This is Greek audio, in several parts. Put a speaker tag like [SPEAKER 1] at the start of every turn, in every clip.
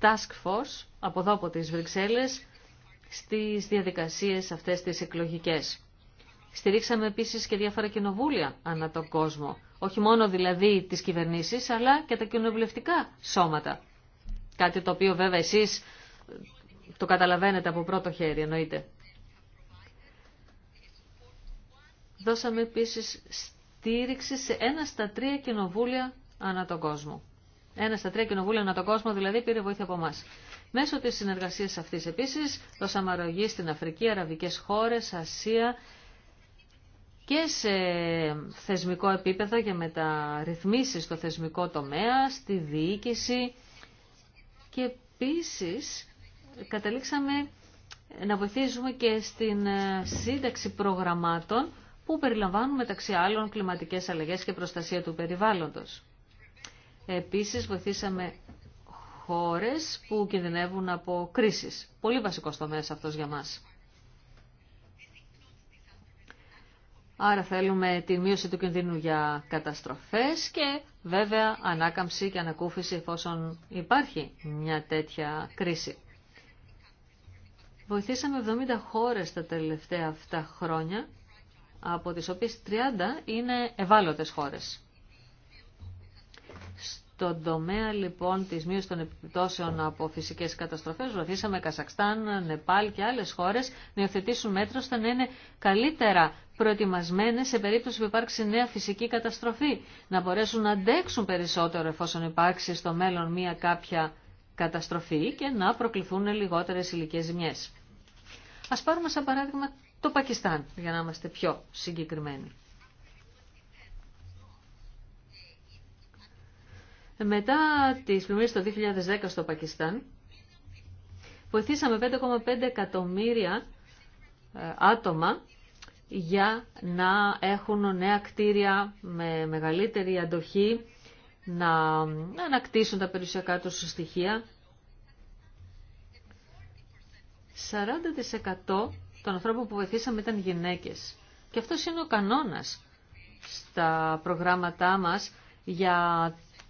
[SPEAKER 1] task force από εδώ από τις Βρυξέλλες στις διαδικασίες αυτές τις εκλογικές. Στηρίξαμε επίσης και διάφορα κοινοβούλια ανά τον κόσμο, όχι μόνο δηλαδή τις κυβερνήσεις αλλά και τα κοινοβουλευτικά σώματα. Κάτι το οποίο βέβαια εσείς το καταλαβαίνετε από πρώτο χέρι εννοείται. Δώσαμε επίσης στήριξη σε ένα στα τρία κοινοβούλια ανά τον κόσμο. Ένα στα τρία κοινοβούλια ανά τον κόσμο δηλαδή πήρε βοήθεια από εμά. Μέσω τη συνεργασία αυτή επίση δώσαμε αρρωγή στην Αφρική, Αραβικέ χώρε, Ασία και σε θεσμικό επίπεδο για μεταρρυθμίσει στο θεσμικό τομέα, στη διοίκηση και επίση καταλήξαμε να βοηθήσουμε και στην ε, σύνταξη προγραμμάτων που περιλαμβάνουν μεταξύ άλλων κλιματικές αλλαγές και προστασία του περιβάλλοντος. Επίσης βοηθήσαμε χώρες που κινδυνεύουν από κρίσεις. Πολύ βασικός τομέας αυτός για μας. Άρα θέλουμε τη μείωση του κινδύνου για καταστροφές και βέβαια ανάκαμψη και ανακούφιση εφόσον υπάρχει μια τέτοια κρίση. Βοηθήσαμε 70 χώρες τα τελευταία αυτά χρόνια, από τις οποίες 30 είναι ευάλωτες χώρες. Στον τομέα λοιπόν της μείωσης των επιπτώσεων από φυσικές καταστροφές βοηθήσαμε Καζακστάν, Νεπάλ και άλλες χώρες να υιοθετήσουν μέτρα ώστε να είναι καλύτερα προετοιμασμένες σε περίπτωση που υπάρξει νέα φυσική καταστροφή, να μπορέσουν να αντέξουν περισσότερο εφόσον υπάρξει στο μέλλον μία κάποια καταστροφή και να προκληθούν λιγότερες υλικέ ζημιές. Ας πάρουμε σαν παράδειγμα το Πακιστάν, για να είμαστε πιο συγκεκριμένοι. Μετά τις πλημμύρες το 2010 στο Πακιστάν, βοηθήσαμε 5,5 εκατομμύρια ε, άτομα για να έχουν νέα κτίρια με μεγαλύτερη αντοχή, να ανακτήσουν τα περιουσιακά τους στοιχεία. 40% των ανθρώπων που βοηθήσαμε ήταν γυναίκες. Και αυτός είναι ο κανόνας στα προγράμματά μας για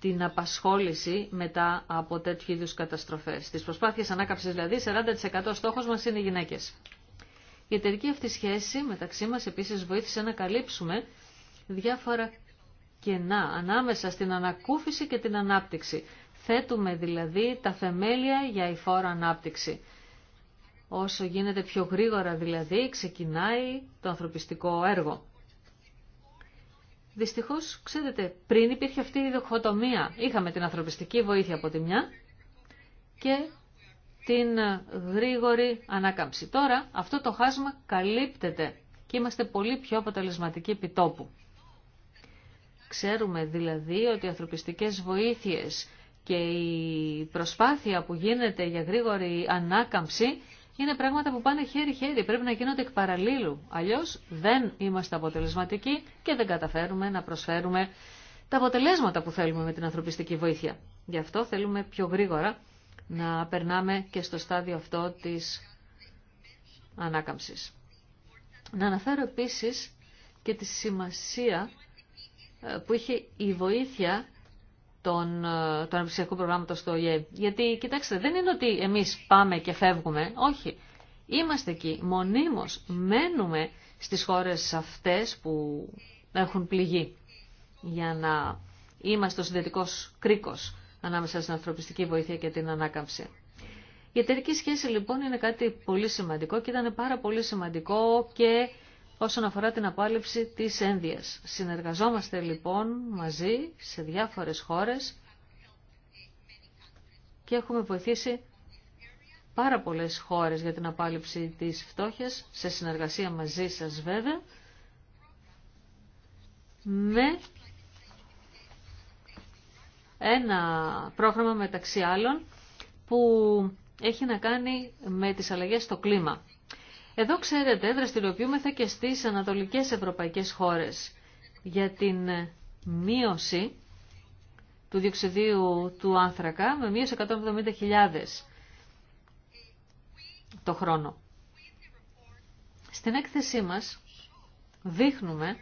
[SPEAKER 1] την απασχόληση μετά από τέτοιου είδου καταστροφές. Στις προσπάθειες ανάκαμψης δηλαδή 40% στόχος μας είναι οι γυναίκες. Η εταιρική αυτή σχέση μεταξύ μας επίσης βοήθησε να καλύψουμε διάφορα κενά ανάμεσα στην ανακούφιση και την ανάπτυξη. Θέτουμε δηλαδή τα θεμέλια για η φόρα ανάπτυξη. Όσο γίνεται πιο γρήγορα δηλαδή ξεκινάει το ανθρωπιστικό έργο. Δυστυχώ, ξέρετε, πριν υπήρχε αυτή η διχοτομία. Είχαμε την ανθρωπιστική βοήθεια από τη μια και την γρήγορη ανάκαμψη. Τώρα αυτό το χάσμα καλύπτεται και είμαστε πολύ πιο αποτελεσματικοί επιτόπου. Ξέρουμε δηλαδή ότι οι ανθρωπιστικές βοήθειες και η προσπάθεια που γίνεται για γρήγορη ανάκαμψη είναι πράγματα που πάνε χέρι-χέρι, πρέπει να γίνονται εκ παραλίλου. Αλλιώς δεν είμαστε αποτελεσματικοί και δεν καταφέρουμε να προσφέρουμε τα αποτελέσματα που θέλουμε με την ανθρωπιστική βοήθεια. Γι' αυτό θέλουμε πιο γρήγορα να περνάμε και στο στάδιο αυτό της ανάκαμψης. Να αναφέρω επίσης και τη σημασία ε, που είχε η βοήθεια των, τον ε, αναπτυξιακού προγράμματος στο ΟΗΕ. Γιατί, κοιτάξτε, δεν είναι ότι εμείς πάμε και φεύγουμε. Όχι. Είμαστε εκεί. Μονίμως μένουμε στις χώρες αυτές που έχουν πληγεί για να είμαστε ο συνδετικός κρίκος ανάμεσα στην ανθρωπιστική βοήθεια και την ανάκαμψη. Η εταιρική σχέση λοιπόν είναι κάτι πολύ σημαντικό και ήταν πάρα πολύ σημαντικό και όσον αφορά την απάλληψη της ένδυας. Συνεργαζόμαστε λοιπόν μαζί σε διάφορες χώρες και έχουμε βοηθήσει πάρα πολλές χώρες για την απάλληψη της φτώχειας, σε συνεργασία μαζί σας βέβαια, με ένα πρόγραμμα μεταξύ άλλων που έχει να κάνει με τις αλλαγές στο κλίμα. Εδώ ξέρετε δραστηριοποιούμεθα και στις ανατολικές ευρωπαϊκές χώρες για την ε, μείωση του διοξιδίου του άνθρακα με μείωση 170.000 το χρόνο. Στην έκθεσή μας δείχνουμε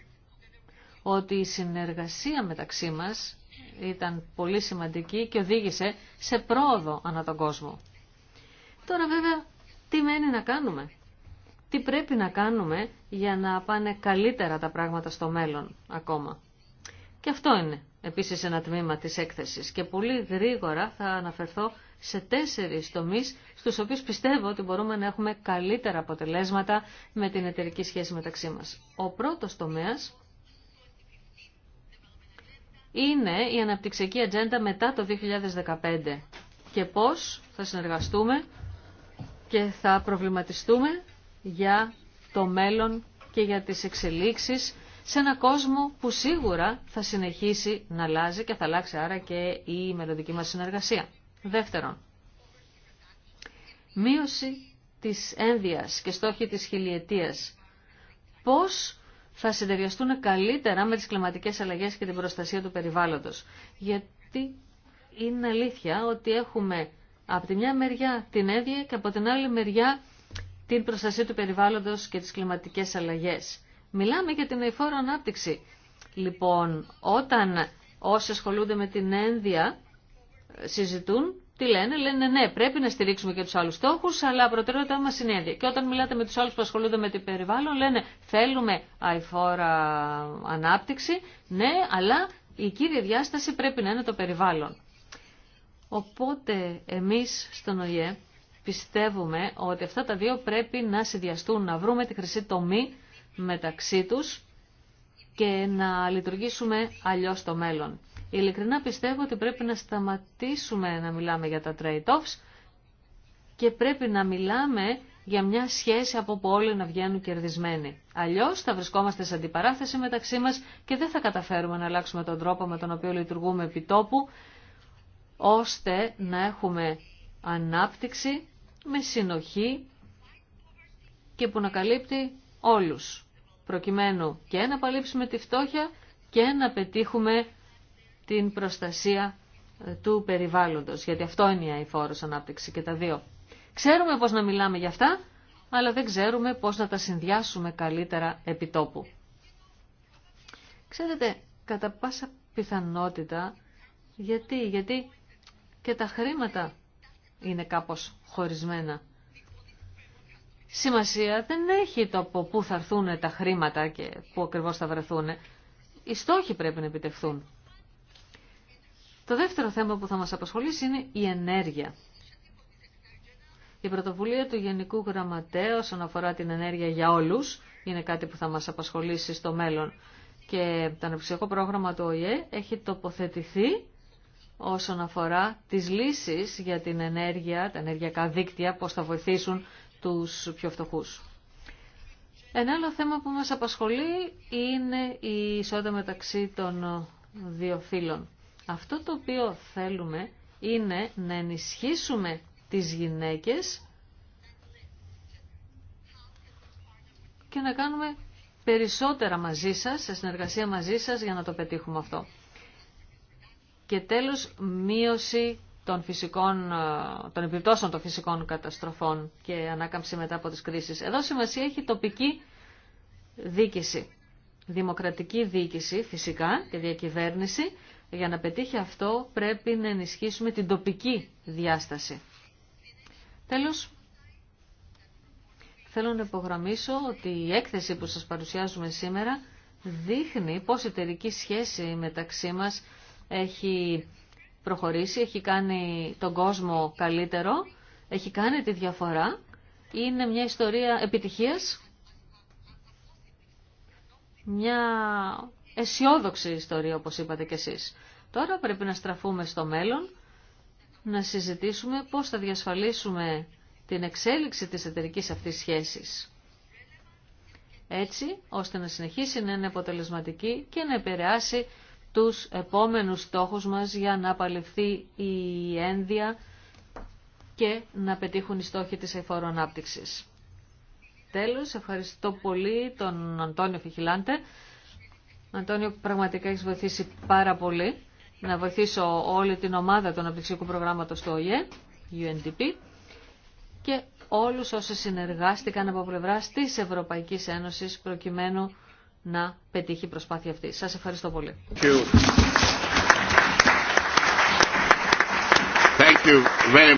[SPEAKER 1] ότι η συνεργασία μεταξύ μας ήταν πολύ σημαντική και οδήγησε σε πρόοδο ανά τον κόσμο. Τώρα βέβαια τι μένει να κάνουμε τι πρέπει να κάνουμε για να πάνε καλύτερα τα πράγματα στο μέλλον ακόμα. Και αυτό είναι επίσης ένα τμήμα της έκθεσης και πολύ γρήγορα θα αναφερθώ σε τέσσερις τομείς στους οποίους πιστεύω ότι μπορούμε να έχουμε καλύτερα αποτελέσματα με την εταιρική σχέση μεταξύ μας. Ο πρώτος τομέας είναι η αναπτυξιακή ατζέντα μετά το 2015 και πώς θα συνεργαστούμε και θα προβληματιστούμε για το μέλλον και για τις εξελίξεις σε ένα κόσμο που σίγουρα θα συνεχίσει να αλλάζει και θα αλλάξει άρα και η μελλοντική μας συνεργασία. Δεύτερον, μείωση της ένδυας και στόχοι της χιλιετίας. Πώς θα συντεριαστούν καλύτερα με τις κλιματικές αλλαγές και την προστασία του περιβάλλοντος. Γιατί είναι αλήθεια ότι έχουμε από τη μια μεριά την ένδυα και από την άλλη μεριά την προστασία του περιβάλλοντος και τις κλιματικές αλλαγές. Μιλάμε για την εφόρο ανάπτυξη. Λοιπόν, όταν όσοι ασχολούνται με την ένδια ε, συζητούν, τι λένε, λένε ναι, πρέπει να στηρίξουμε και τους άλλους στόχου, αλλά προτεραιότητά μας είναι ένδια. Και όταν μιλάτε με τους άλλους που ασχολούνται με την περιβάλλον, λένε θέλουμε αηφόρα ανάπτυξη, ναι, αλλά η κύρια διάσταση πρέπει να είναι το περιβάλλον. Οπότε εμείς στον ΟΙΕ πιστεύουμε ότι αυτά τα δύο πρέπει να συνδυαστούν, να βρούμε τη χρυσή τομή μεταξύ τους και να λειτουργήσουμε αλλιώς το μέλλον. Ειλικρινά πιστεύω ότι πρέπει να σταματήσουμε να μιλάμε για τα trade-offs και πρέπει να μιλάμε για μια σχέση από που όλοι να βγαίνουν κερδισμένοι. Αλλιώς θα βρισκόμαστε σε αντιπαράθεση μεταξύ μας και δεν θα καταφέρουμε να αλλάξουμε τον τρόπο με τον οποίο λειτουργούμε επιτόπου, ώστε να έχουμε ανάπτυξη με συνοχή και που να καλύπτει όλους, προκειμένου και να παλύψουμε τη φτώχεια και να πετύχουμε την προστασία ε, του περιβάλλοντος, γιατί αυτό είναι η αηφόρος ανάπτυξη και τα δύο. Ξέρουμε πώς να μιλάμε για αυτά, αλλά δεν ξέρουμε πώς να τα συνδυάσουμε καλύτερα επιτόπου. Ξέρετε, κατά πάσα πιθανότητα, γιατί, γιατί και τα χρήματα είναι κάπως χωρισμένα. Σημασία δεν έχει το από πού θα έρθουν τα χρήματα και πού ακριβώς θα βρεθούν. Οι στόχοι πρέπει να επιτευχθούν. Το δεύτερο θέμα που θα μας απασχολήσει είναι η ενέργεια. Η πρωτοβουλία του Γενικού Γραμματέα όσον αφορά την ενέργεια για όλους είναι κάτι που θα μας απασχολήσει στο μέλλον. Και το αναπτυξιακό πρόγραμμα του ΟΗΕ έχει τοποθετηθεί όσον αφορά τις λύσεις για την ενέργεια, τα ενεργειακά δίκτυα, πώς θα βοηθήσουν τους πιο φτωχούς. Ένα άλλο θέμα που μας απασχολεί είναι η ισότητα μεταξύ των δύο φύλων. Αυτό το οποίο θέλουμε είναι να ενισχύσουμε τις γυναίκες και να κάνουμε περισσότερα μαζί σας, σε συνεργασία μαζί σας για να το πετύχουμε αυτό. Και τέλος, μείωση των, φυσικών, ε, των επιπτώσεων των φυσικών καταστροφών και ανάκαμψη μετά από τις κρίσεις. Εδώ σημασία έχει τοπική δίκηση. Δημοκρατική δίκηση φυσικά και διακυβέρνηση. Για να πετύχει αυτό πρέπει να ενισχύσουμε την τοπική διάσταση. Τέλος, θέλω να υπογραμμίσω ότι η έκθεση που σας παρουσιάζουμε σήμερα δείχνει πώς η εταιρική σχέση μεταξύ μας έχει προχωρήσει, έχει κάνει τον κόσμο καλύτερο, έχει κάνει τη διαφορά. Είναι μια ιστορία επιτυχίας, μια αισιόδοξη ιστορία όπως είπατε κι εσείς. Τώρα πρέπει να στραφούμε στο μέλλον, να συζητήσουμε πώς θα διασφαλίσουμε την εξέλιξη της εταιρικής αυτής σχέσης. Έτσι, ώστε να συνεχίσει να είναι αποτελεσματική και να επηρεάσει τους επόμενους στόχους μας για να παλευθεί η ένδια και να πετύχουν οι στόχοι της εφόρου ανάπτυξης. Τέλος, ευχαριστώ πολύ τον Αντώνιο Φιχιλάντε. Αντώνιο, πραγματικά έχει βοηθήσει πάρα πολύ να βοηθήσω όλη την ομάδα του αναπτυξιακού προγράμματος του ΟΙΕ, UNDP, και όλους όσοι συνεργάστηκαν από πλευρά της Ευρωπαϊκής Ένωσης προκειμένου να πετύχει η προσπάθεια αυτή. Σας ευχαριστώ πολύ. Thank
[SPEAKER 2] you. very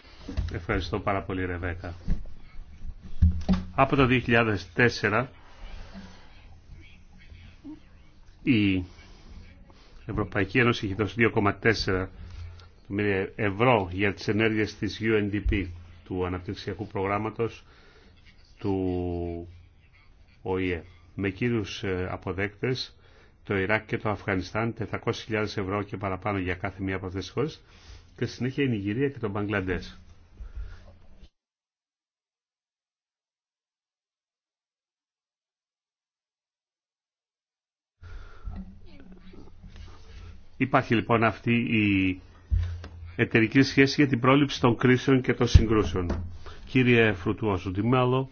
[SPEAKER 2] Ευχαριστώ πάρα πολύ Ρεβέκα. Από το 2004 η Ευρωπαϊκή Ένωση έχει δώσει 2,4 ευρώ για τις ενέργειες της UNDP του αναπτυξιακού προγράμματος του ΟΗΕ με κύριους ε, αποδέκτες το Ιράκ και το Αφγανιστάν 400.000 ευρώ και παραπάνω για κάθε μία από αυτές τις χώρες και συνέχεια η Νιγηρία και το Μπαγκλαντές. Υπάρχει λοιπόν αυτή η εταιρική σχέση για την πρόληψη των κρίσεων και των συγκρούσεων. Κύριε τι Τιμάλο,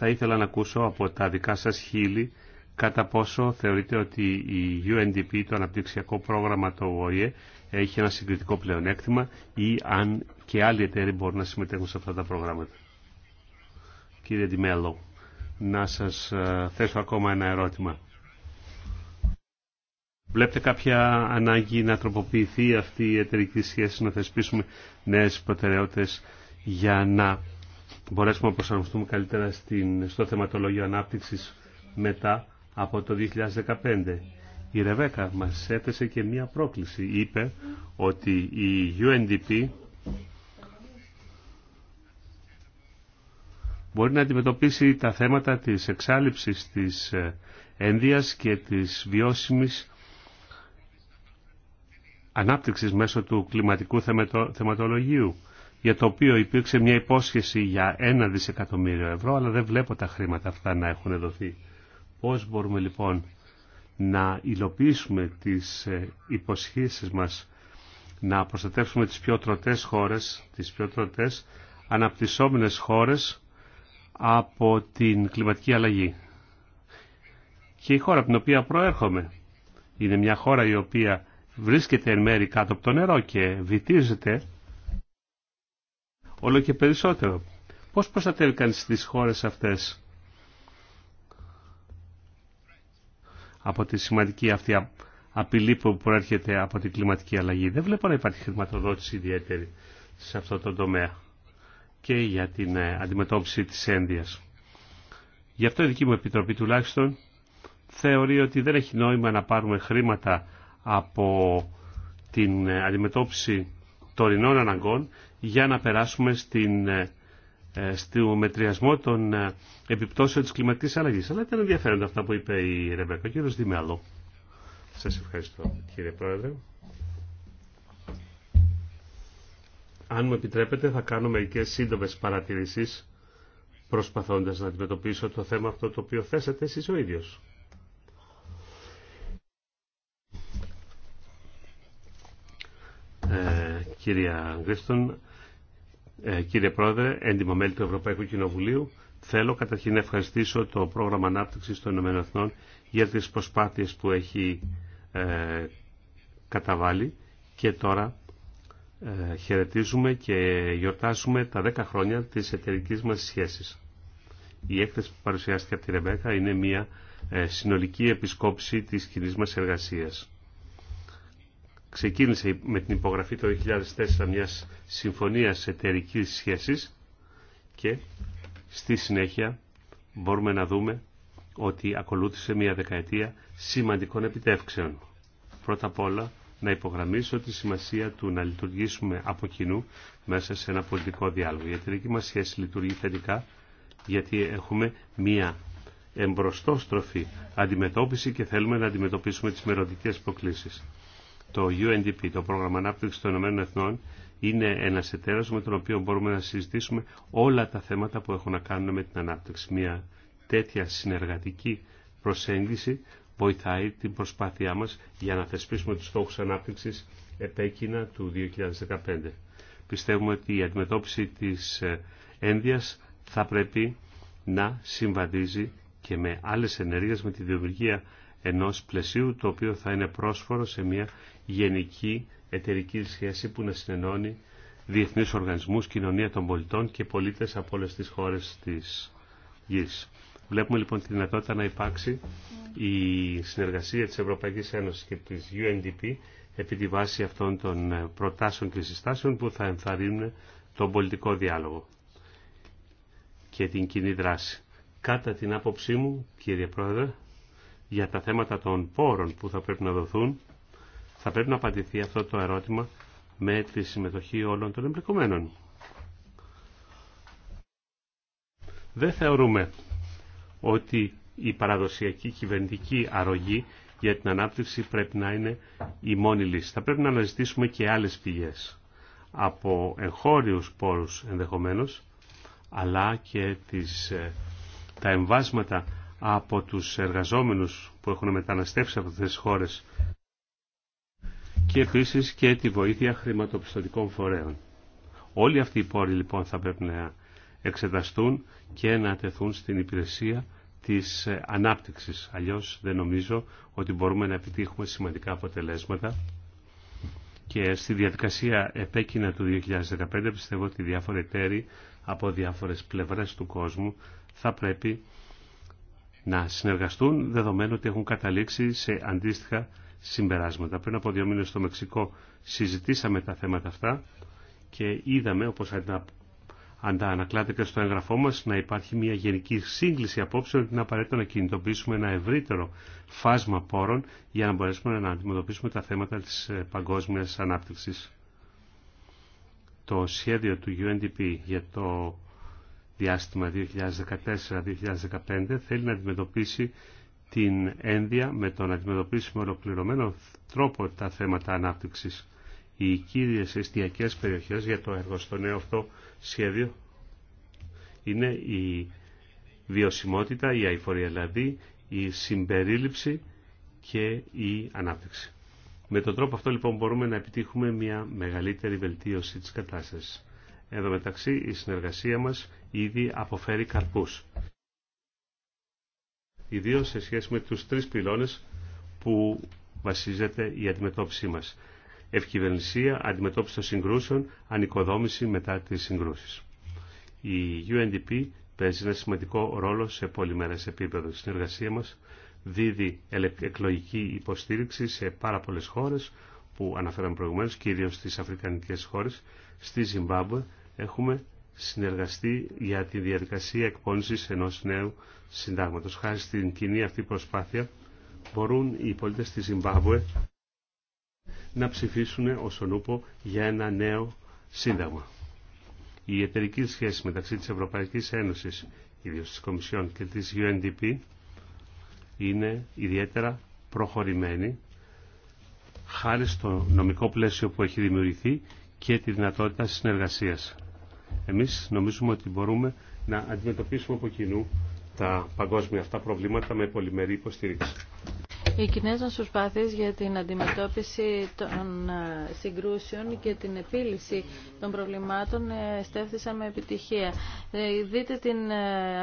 [SPEAKER 2] θα ήθελα να ακούσω από τα δικά σας χείλη κατά πόσο θεωρείτε ότι η UNDP, το αναπτυξιακό πρόγραμμα του ΟΗΕ, έχει ένα συγκριτικό πλεονέκτημα ή αν και άλλοι εταίροι μπορούν να συμμετέχουν σε αυτά τα προγράμματα. Κύριε Ντιμέλο, να σας ε, θέσω ακόμα ένα ερώτημα. Βλέπετε κάποια ανάγκη να τροποποιηθεί αυτή η εταιρική σχέση, να θεσπίσουμε νέες προτεραιότητες για να μπορέσουμε να προσαρμοστούμε καλύτερα στο θεματολόγιο ανάπτυξης μετά από το 2015. Η Ρεβέκα μας έθεσε και μία πρόκληση. Είπε ότι η UNDP μπορεί να αντιμετωπίσει τα θέματα της εξάλληψης της ε, ένδυας και της βιώσιμης ανάπτυξης μέσω του κλιματικού θεματολογίου για το οποίο υπήρξε μια υπόσχεση για ένα δισεκατομμύριο ευρώ, αλλά δεν βλέπω τα χρήματα αυτά να έχουν δοθεί. Πώς μπορούμε λοιπόν να υλοποιήσουμε τις ε, υποσχέσεις μας, να προστατεύσουμε τις πιο τροτές χώρες, τις πιο τροτές αναπτυσσόμενες χώρες από την κλιματική αλλαγή. Και η χώρα από την οποία προέρχομαι είναι μια χώρα η οποία βρίσκεται εν μέρη κάτω από το νερό και βυτίζεται όλο και περισσότερο. Πώς προστατεύει κανείς τις χώρες αυτές από τη σημαντική αυτή απειλή που προέρχεται από την κλιματική αλλαγή. Δεν βλέπω να υπάρχει χρηματοδότηση ιδιαίτερη σε αυτό το τομέα και για την ε, αντιμετώπιση της ένδυας. Γι' αυτό η δική μου επιτροπή τουλάχιστον θεωρεί ότι δεν έχει νόημα να πάρουμε χρήματα από την ε, αντιμετώπιση τωρινών αναγκών για να περάσουμε στην, ε, ε, στο μετριασμό των ε, επιπτώσεων της κλιματικής αλλαγής. Αλλά ήταν ενδιαφέροντα αυτά που είπε η Ρεμπέκα. Κύριος Δημιαλό. Σας ευχαριστώ κύριε Πρόεδρε. Αν μου επιτρέπετε θα κάνω μερικές σύντομες παρατηρήσεις προσπαθώντας να αντιμετωπίσω το θέμα αυτό το οποίο θέσατε εσείς ο ίδιος. Ε, κυρία Γκρίστον, ε, κύριε Πρόεδρε, έντιμο μέλη του Ευρωπαϊκού Κοινοβουλίου, θέλω καταρχήν να ευχαριστήσω το πρόγραμμα ανάπτυξη των ΗΠΑ για τις προσπάθειες που έχει ε, καταβάλει και τώρα ε, χαιρετίζουμε και γιορτάζουμε τα 10 χρόνια τη εταιρική μας σχέση. Η έκθεση που παρουσιάστηκε από τη Ρεμπέκα είναι μια ε, συνολική επισκόπηση τη κοινή μα εργασία ξεκίνησε με την υπογραφή το 2004 μιας συμφωνίας εταιρική σχέσης και στη συνέχεια μπορούμε να δούμε ότι ακολούθησε μια δεκαετία σημαντικών επιτεύξεων. Πρώτα απ' όλα να υπογραμμίσω τη σημασία του να λειτουργήσουμε από κοινού μέσα σε ένα πολιτικό διάλογο. Η εταιρική μας σχέση λειτουργεί θετικά γιατί έχουμε μία εμπροστόστροφη αντιμετώπιση και θέλουμε να αντιμετωπίσουμε τις μεροδικές προκλήσεις. Το UNDP, το πρόγραμμα ανάπτυξης των Ηνωμένων Εθνών, είναι ένας εταίρο με τον οποίο μπορούμε να συζητήσουμε όλα τα θέματα που έχουν να κάνουν με την ανάπτυξη. Μια τέτοια συνεργατική προσέγγιση βοηθάει την προσπάθειά μας για να θεσπίσουμε τους στόχους ανάπτυξης επέκεινα του 2015. Πιστεύουμε ότι η αντιμετώπιση της ε, ένδυας θα πρέπει να συμβαδίζει και με άλλες ενέργειες με τη δημιουργία ενός πλαισίου το οποίο θα είναι πρόσφορο σε μια γενική εταιρική σχέση που να συνενώνει διεθνείς οργανισμούς, κοινωνία των πολιτών και πολίτες από όλες τις χώρες της γης. Βλέπουμε λοιπόν τη δυνατότητα να υπάρξει η συνεργασία της Ευρωπαϊκής Ένωσης και της UNDP επί τη βάση αυτών των ε, προτάσεων και συστάσεων που θα ενθαρρύνουν τον πολιτικό διάλογο και την κοινή δράση. Κατά την άποψή μου, κύριε Πρόεδρε, για τα θέματα των πόρων που θα πρέπει να δοθούν, θα πρέπει να απαντηθεί αυτό το ερώτημα με τη συμμετοχή όλων των εμπλεκομένων. Δεν θεωρούμε ότι η παραδοσιακή κυβερνητική αρρωγή για την ανάπτυξη πρέπει να είναι η μόνη λύση. Θα πρέπει να αναζητήσουμε και άλλες πηγές από εγχώριους πόρους ενδεχομένως, αλλά και τις, ε, τα εμβάσματα από τους εργαζόμενους που έχουν μεταναστεύσει από αυτές τις χώρες και επίσης και τη βοήθεια χρηματοπιστωτικών φορέων. Όλοι αυτοί οι πόροι λοιπόν θα πρέπει να εξεταστούν και να τεθούν στην υπηρεσία της ε, ανάπτυξης. Αλλιώς δεν νομίζω ότι μπορούμε να επιτύχουμε σημαντικά αποτελέσματα. Και στη διαδικασία επέκεινα του 2015 πιστεύω ότι διάφοροι εταίροι από διάφορες πλευρές του κόσμου θα πρέπει να συνεργαστούν δεδομένου ότι έχουν καταλήξει σε αντίστοιχα συμπεράσματα. Πριν από δύο μήνες στο Μεξικό συζητήσαμε τα θέματα αυτά και είδαμε όπως αντανακλάται και στο έγγραφό μας να υπάρχει μια γενική σύγκληση απόψεων ότι είναι απαραίτητο να κινητοποιήσουμε ένα ευρύτερο φάσμα πόρων για να μπορέσουμε να αντιμετωπίσουμε τα θέματα της ε, παγκόσμιας ανάπτυξης. Το σχέδιο του UNDP για το διάστημα 2014-2015 θέλει να αντιμετωπίσει την ένδια με τον αντιμετωπίσιμο ολοκληρωμένο τρόπο τα θέματα ανάπτυξης. Οι κύριες εστιακές περιοχές για το έργο στο νέο αυτό σχέδιο είναι η βιωσιμότητα, η αηφορία δηλαδή, η συμπερίληψη και η ανάπτυξη. Με τον τρόπο αυτό λοιπόν μπορούμε να επιτύχουμε μια μεγαλύτερη βελτίωση της κατάστασης. Εδώ μεταξύ η συνεργασία μας ήδη αποφέρει καρπούς. Ιδίως σε σχέση με τους τρεις πυλώνες που βασίζεται η αντιμετώπιση μας. Ευκυβερνησία, αντιμετώπιση των συγκρούσεων, ανοικοδόμηση μετά τις συγκρούσεις. Η UNDP παίζει ένα σημαντικό ρόλο σε πολυμερές επίπεδο. Η συνεργασία μας δίδει εκλογική υποστήριξη σε πάρα πολλές χώρες που αναφέραμε προηγουμένως, κυρίως στις αφρικανικές χώρες. Στη Ζιμπάμπουε έχουμε συνεργαστεί για τη διαδικασία εκπόνησης ενός νέου συντάγματος. Χάρη στην κοινή αυτή προσπάθεια μπορούν οι πολίτες της Ζιμπάμπουε να ψηφίσουν όσον ούπο για ένα νέο σύνταγμα. Η εταιρική σχέση μεταξύ της Ευρωπαϊκής Ένωσης, ιδίως της Κομισιόν και της UNDP, είναι ιδιαίτερα προχωρημένη χάρη στο νομικό πλαίσιο που έχει δημιουργηθεί και τη δυνατότητα συνεργασίας. Εμείς νομίζουμε ότι μπορούμε να αντιμετωπίσουμε από κοινού τα παγκόσμια αυτά προβλήματα με πολυμερή υποστήριξη.
[SPEAKER 3] Οι κοινέ μα για την αντιμετώπιση των ε, συγκρούσεων και την επίλυση των προβλημάτων ε, στέφθησαν με επιτυχία. Ε, δείτε την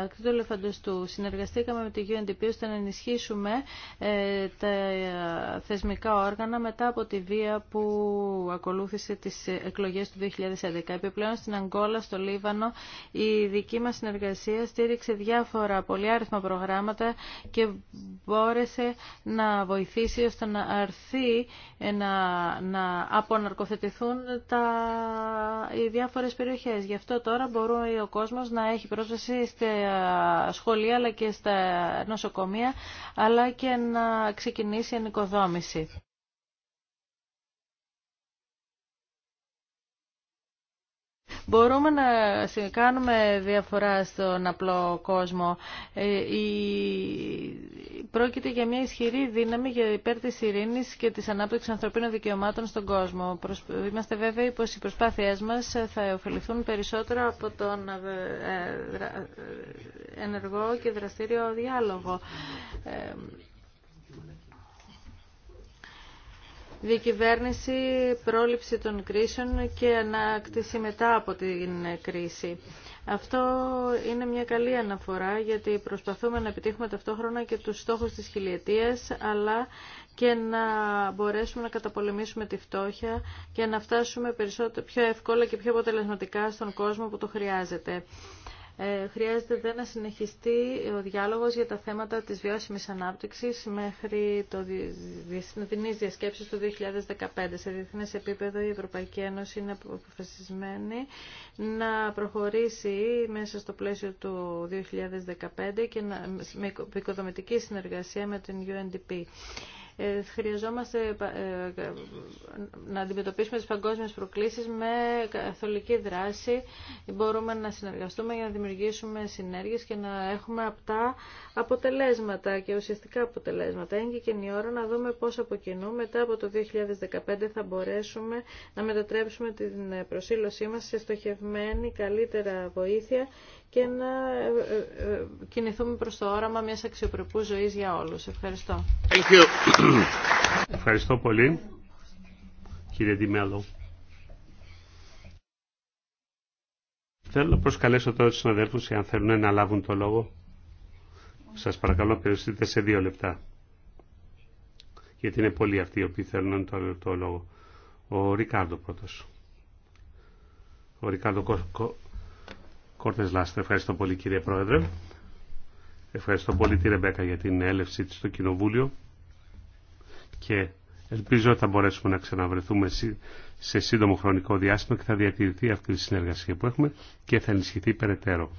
[SPEAKER 3] ακτή του ελεφαντοστού. Συνεργαστήκαμε με τη UNDP ώστε να ενισχύσουμε τα θεσμικά όργανα μετά από τη βία που ακολούθησε τις εκλογές του 2011. Επιπλέον στην Αγκόλα, στο Λίβανο, η δική μα συνεργασία στήριξε διάφορα πολυάριθμα προγράμματα και μπόρεσε να να βοηθήσει ώστε να αρθεί, ε, να, να αποναρκοθετηθούν τα, οι διάφορες περιοχές. Γι' αυτό τώρα μπορεί ο κόσμος να έχει πρόσβαση στα σχολεία αλλά και στα νοσοκομεία, αλλά και να ξεκινήσει ανοικοδόμηση. μπορούμε να κάνουμε διαφορά στον απλό κόσμο. Ε, πρόκειται για μια ισχυρή δύναμη για υπέρ της ειρήνης και της ανάπτυξης ανθρωπίνων δικαιωμάτων στον κόσμο. Είμαστε βέβαιοι πως οι προσπάθειές μας θα ωφεληθούν περισσότερο από τον ε, ε, ενεργό και δραστήριο διάλογο. διακυβέρνηση, πρόληψη των κρίσεων και ανάκτηση μετά από την κρίση. Αυτό είναι μια καλή αναφορά γιατί προσπαθούμε να επιτύχουμε ταυτόχρονα και τους στόχους της χιλιετίας αλλά και να μπορέσουμε να καταπολεμήσουμε τη φτώχεια και να φτάσουμε περισσότερο, πιο εύκολα και πιο αποτελεσματικά στον κόσμο που το χρειάζεται. Ε, χρειάζεται να συνεχιστεί ο διάλογος για τα θέματα της βιώσιμης ανάπτυξης μέχρι το διεθνής διασκέψη του 2015. Σε διεθνές επίπεδο η Ευρωπαϊκή Ένωση είναι αποφασισμένη να προχωρήσει μέσα στο πλαίσιο του 2015 και να, με οικοδομητική συνεργασία με την UNDP. Ε, χρειαζόμαστε ε, ε, να αντιμετωπίσουμε τις παγκόσμιες προκλήσεις με καθολική δράση. Μπορούμε να συνεργαστούμε για να δημιουργήσουμε συνέργειες και να έχουμε απτά αποτελέσματα και ουσιαστικά αποτελέσματα. Είναι και η ώρα να δούμε πώς από κοινού μετά από το 2015 θα μπορέσουμε να μετατρέψουμε την προσήλωσή μας σε στοχευμένη καλύτερα βοήθεια και να ε, ε, ε, κινηθούμε προς το όραμα μιας αξιοπρεπούς ζωής για όλους. Ευχαριστώ.
[SPEAKER 2] Ευχαριστώ πολύ, κύριε Ντιμέλο. Θέλω να προσκαλέσω τώρα τους συναδέλφους, αν θέλουν να λάβουν το λόγο. Σας παρακαλώ να περιοριστείτε σε δύο λεπτά. Γιατί είναι πολλοί αυτοί οι οποίοι θέλουν το, το λόγο. Ο Ρικάρδο πρώτος. Ο Ρικάρδο Κόρτες ευχαριστώ πολύ κύριε Πρόεδρε. Ευχαριστώ πολύ τη Ρεμπέκα για την έλευση της στο Κοινοβούλιο και ελπίζω ότι θα μπορέσουμε να ξαναβρεθούμε σε σύντομο χρονικό διάστημα και θα διατηρηθεί αυτή η συνεργασία που έχουμε και θα ενισχυθεί περαιτέρω.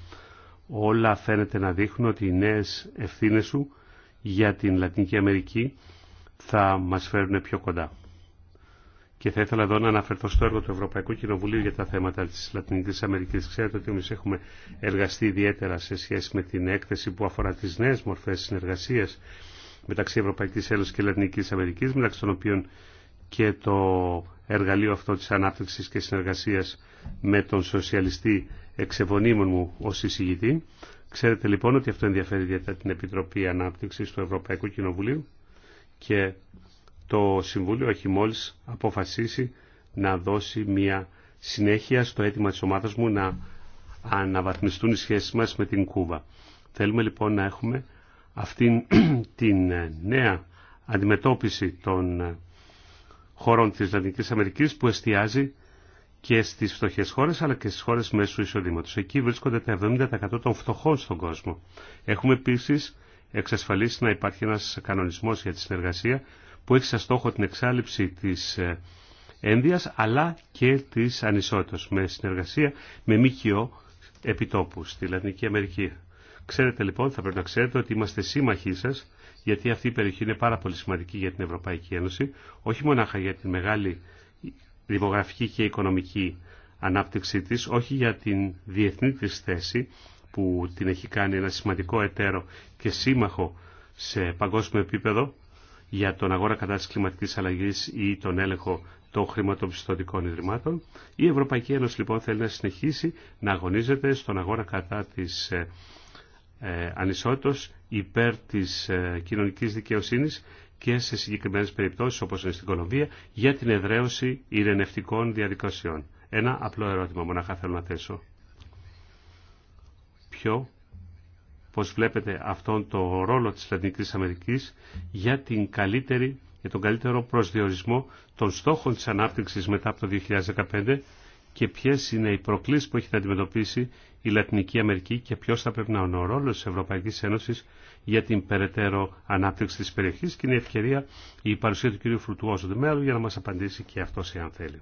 [SPEAKER 2] Όλα φαίνεται να δείχνουν ότι οι νέες ευθύνες σου για την Λατινική Αμερική θα μας φέρουν πιο κοντά. Και θα ήθελα εδώ να αναφερθώ στο έργο του Ευρωπαϊκού Κοινοβουλίου για τα θέματα τη Λατινική Αμερική. Ξέρετε ότι εμεί έχουμε εργαστεί ιδιαίτερα σε σχέση με την έκθεση που αφορά τι νέε μορφέ συνεργασία μεταξύ Ευρωπαϊκή Ένωση και Λατινική Αμερική, μεταξύ των οποίων και το εργαλείο αυτό τη ανάπτυξη και συνεργασία με τον σοσιαλιστή εξεβονίμων μου ω εισηγητή. Ξέρετε λοιπόν ότι αυτό ενδιαφέρει ιδιαίτερα την Επιτροπή ανάπτυξη του Ευρωπαϊκού Κοινοβουλίου και το Συμβούλιο έχει μόλις αποφασίσει να δώσει μια συνέχεια στο αίτημα της ομάδας μου να αναβαθμιστούν οι σχέσεις μας με την Κούβα. Θέλουμε λοιπόν να έχουμε αυτήν την ε, νέα αντιμετώπιση των ε, χωρών της Λατινικής Αμερικής που εστιάζει και στις φτωχές χώρες αλλά και στις χώρες μέσου εισοδήματος. Εκεί βρίσκονται τα 70% των φτωχών στον κόσμο. Έχουμε επίσης εξασφαλίσει να υπάρχει ένας κανονισμός για τη συνεργασία που έχει σαν στόχο την εξάλληψη της ε, ένδυας αλλά και της ανισότητας με συνεργασία με ΜΚΟ επιτόπου στη Λατινική Αμερική. Ξέρετε λοιπόν, θα πρέπει να ξέρετε ότι είμαστε σύμμαχοί σας γιατί αυτή η περιοχή είναι πάρα πολύ σημαντική για την Ευρωπαϊκή Ένωση, όχι μονάχα για την μεγάλη δημογραφική και οικονομική ανάπτυξή της, όχι για την διεθνή της θέση που την έχει κάνει ένα σημαντικό εταίρο και σύμμαχο σε παγκόσμιο επίπεδο, για τον αγώνα κατά της κλιματικής αλλαγής ή τον έλεγχο των χρηματοπιστωτικών ιδρυμάτων. Η Ευρωπαϊκή Ένωση λοιπόν θέλει να συνεχίσει να αγωνίζεται στον αγώνα κατά της ε, ε ανισότητος υπέρ της ε, κοινωνικής δικαιοσύνης και σε συγκεκριμένες περιπτώσεις όπως είναι στην Κολομβία για την εδραίωση ειρενευτικών διαδικασιών. Ένα απλό ερώτημα μονάχα θέλω να θέσω. Ποιο πώς βλέπετε αυτόν το ρόλο της Λατινικής Αμερικής για, την καλύτερη, τον καλύτερο προσδιορισμό των στόχων της ανάπτυξης μετά από το 2015 και ποιες είναι οι προκλήσεις που έχει να αντιμετωπίσει η Λατινική Αμερική και ποιος θα πρέπει να είναι ο ρόλος της Ευρωπαϊκής Ένωσης για την περαιτέρω ανάπτυξη της περιοχής και είναι η ευκαιρία η παρουσία του κ. Φρουτουόζου για να μας απαντήσει και αυτός εάν θέλει.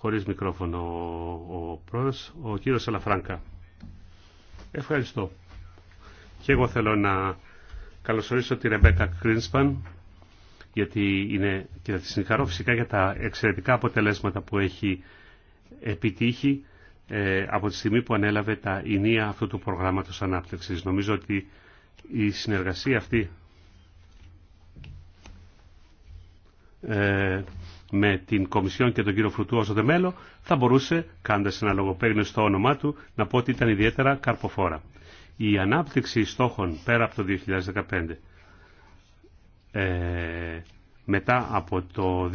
[SPEAKER 2] Χωρίς μικρόφωνο ο πρόεδρος, ο κύριος Σαλαφράγκα. Ευχαριστώ. Και εγώ θέλω να καλωσορίσω τη Ρεμπέκα Κρίνσπαν, γιατί είναι, και θα τη συγχαρώ φυσικά για τα εξαιρετικά αποτελέσματα που έχει επιτύχει ε, από τη στιγμή που ανέλαβε τα ηνία αυτού του προγράμματος ανάπτυξης. Νομίζω ότι η συνεργασία αυτή ε, με την Κομισιόν και τον κύριο ως Δεμέλο, θα μπορούσε, κάνοντας ένα λογοπαίγνιο στο όνομά του, να πω ότι ήταν ιδιαίτερα καρποφόρα. Η ανάπτυξη στόχων πέρα από το 2015, ε, μετά από το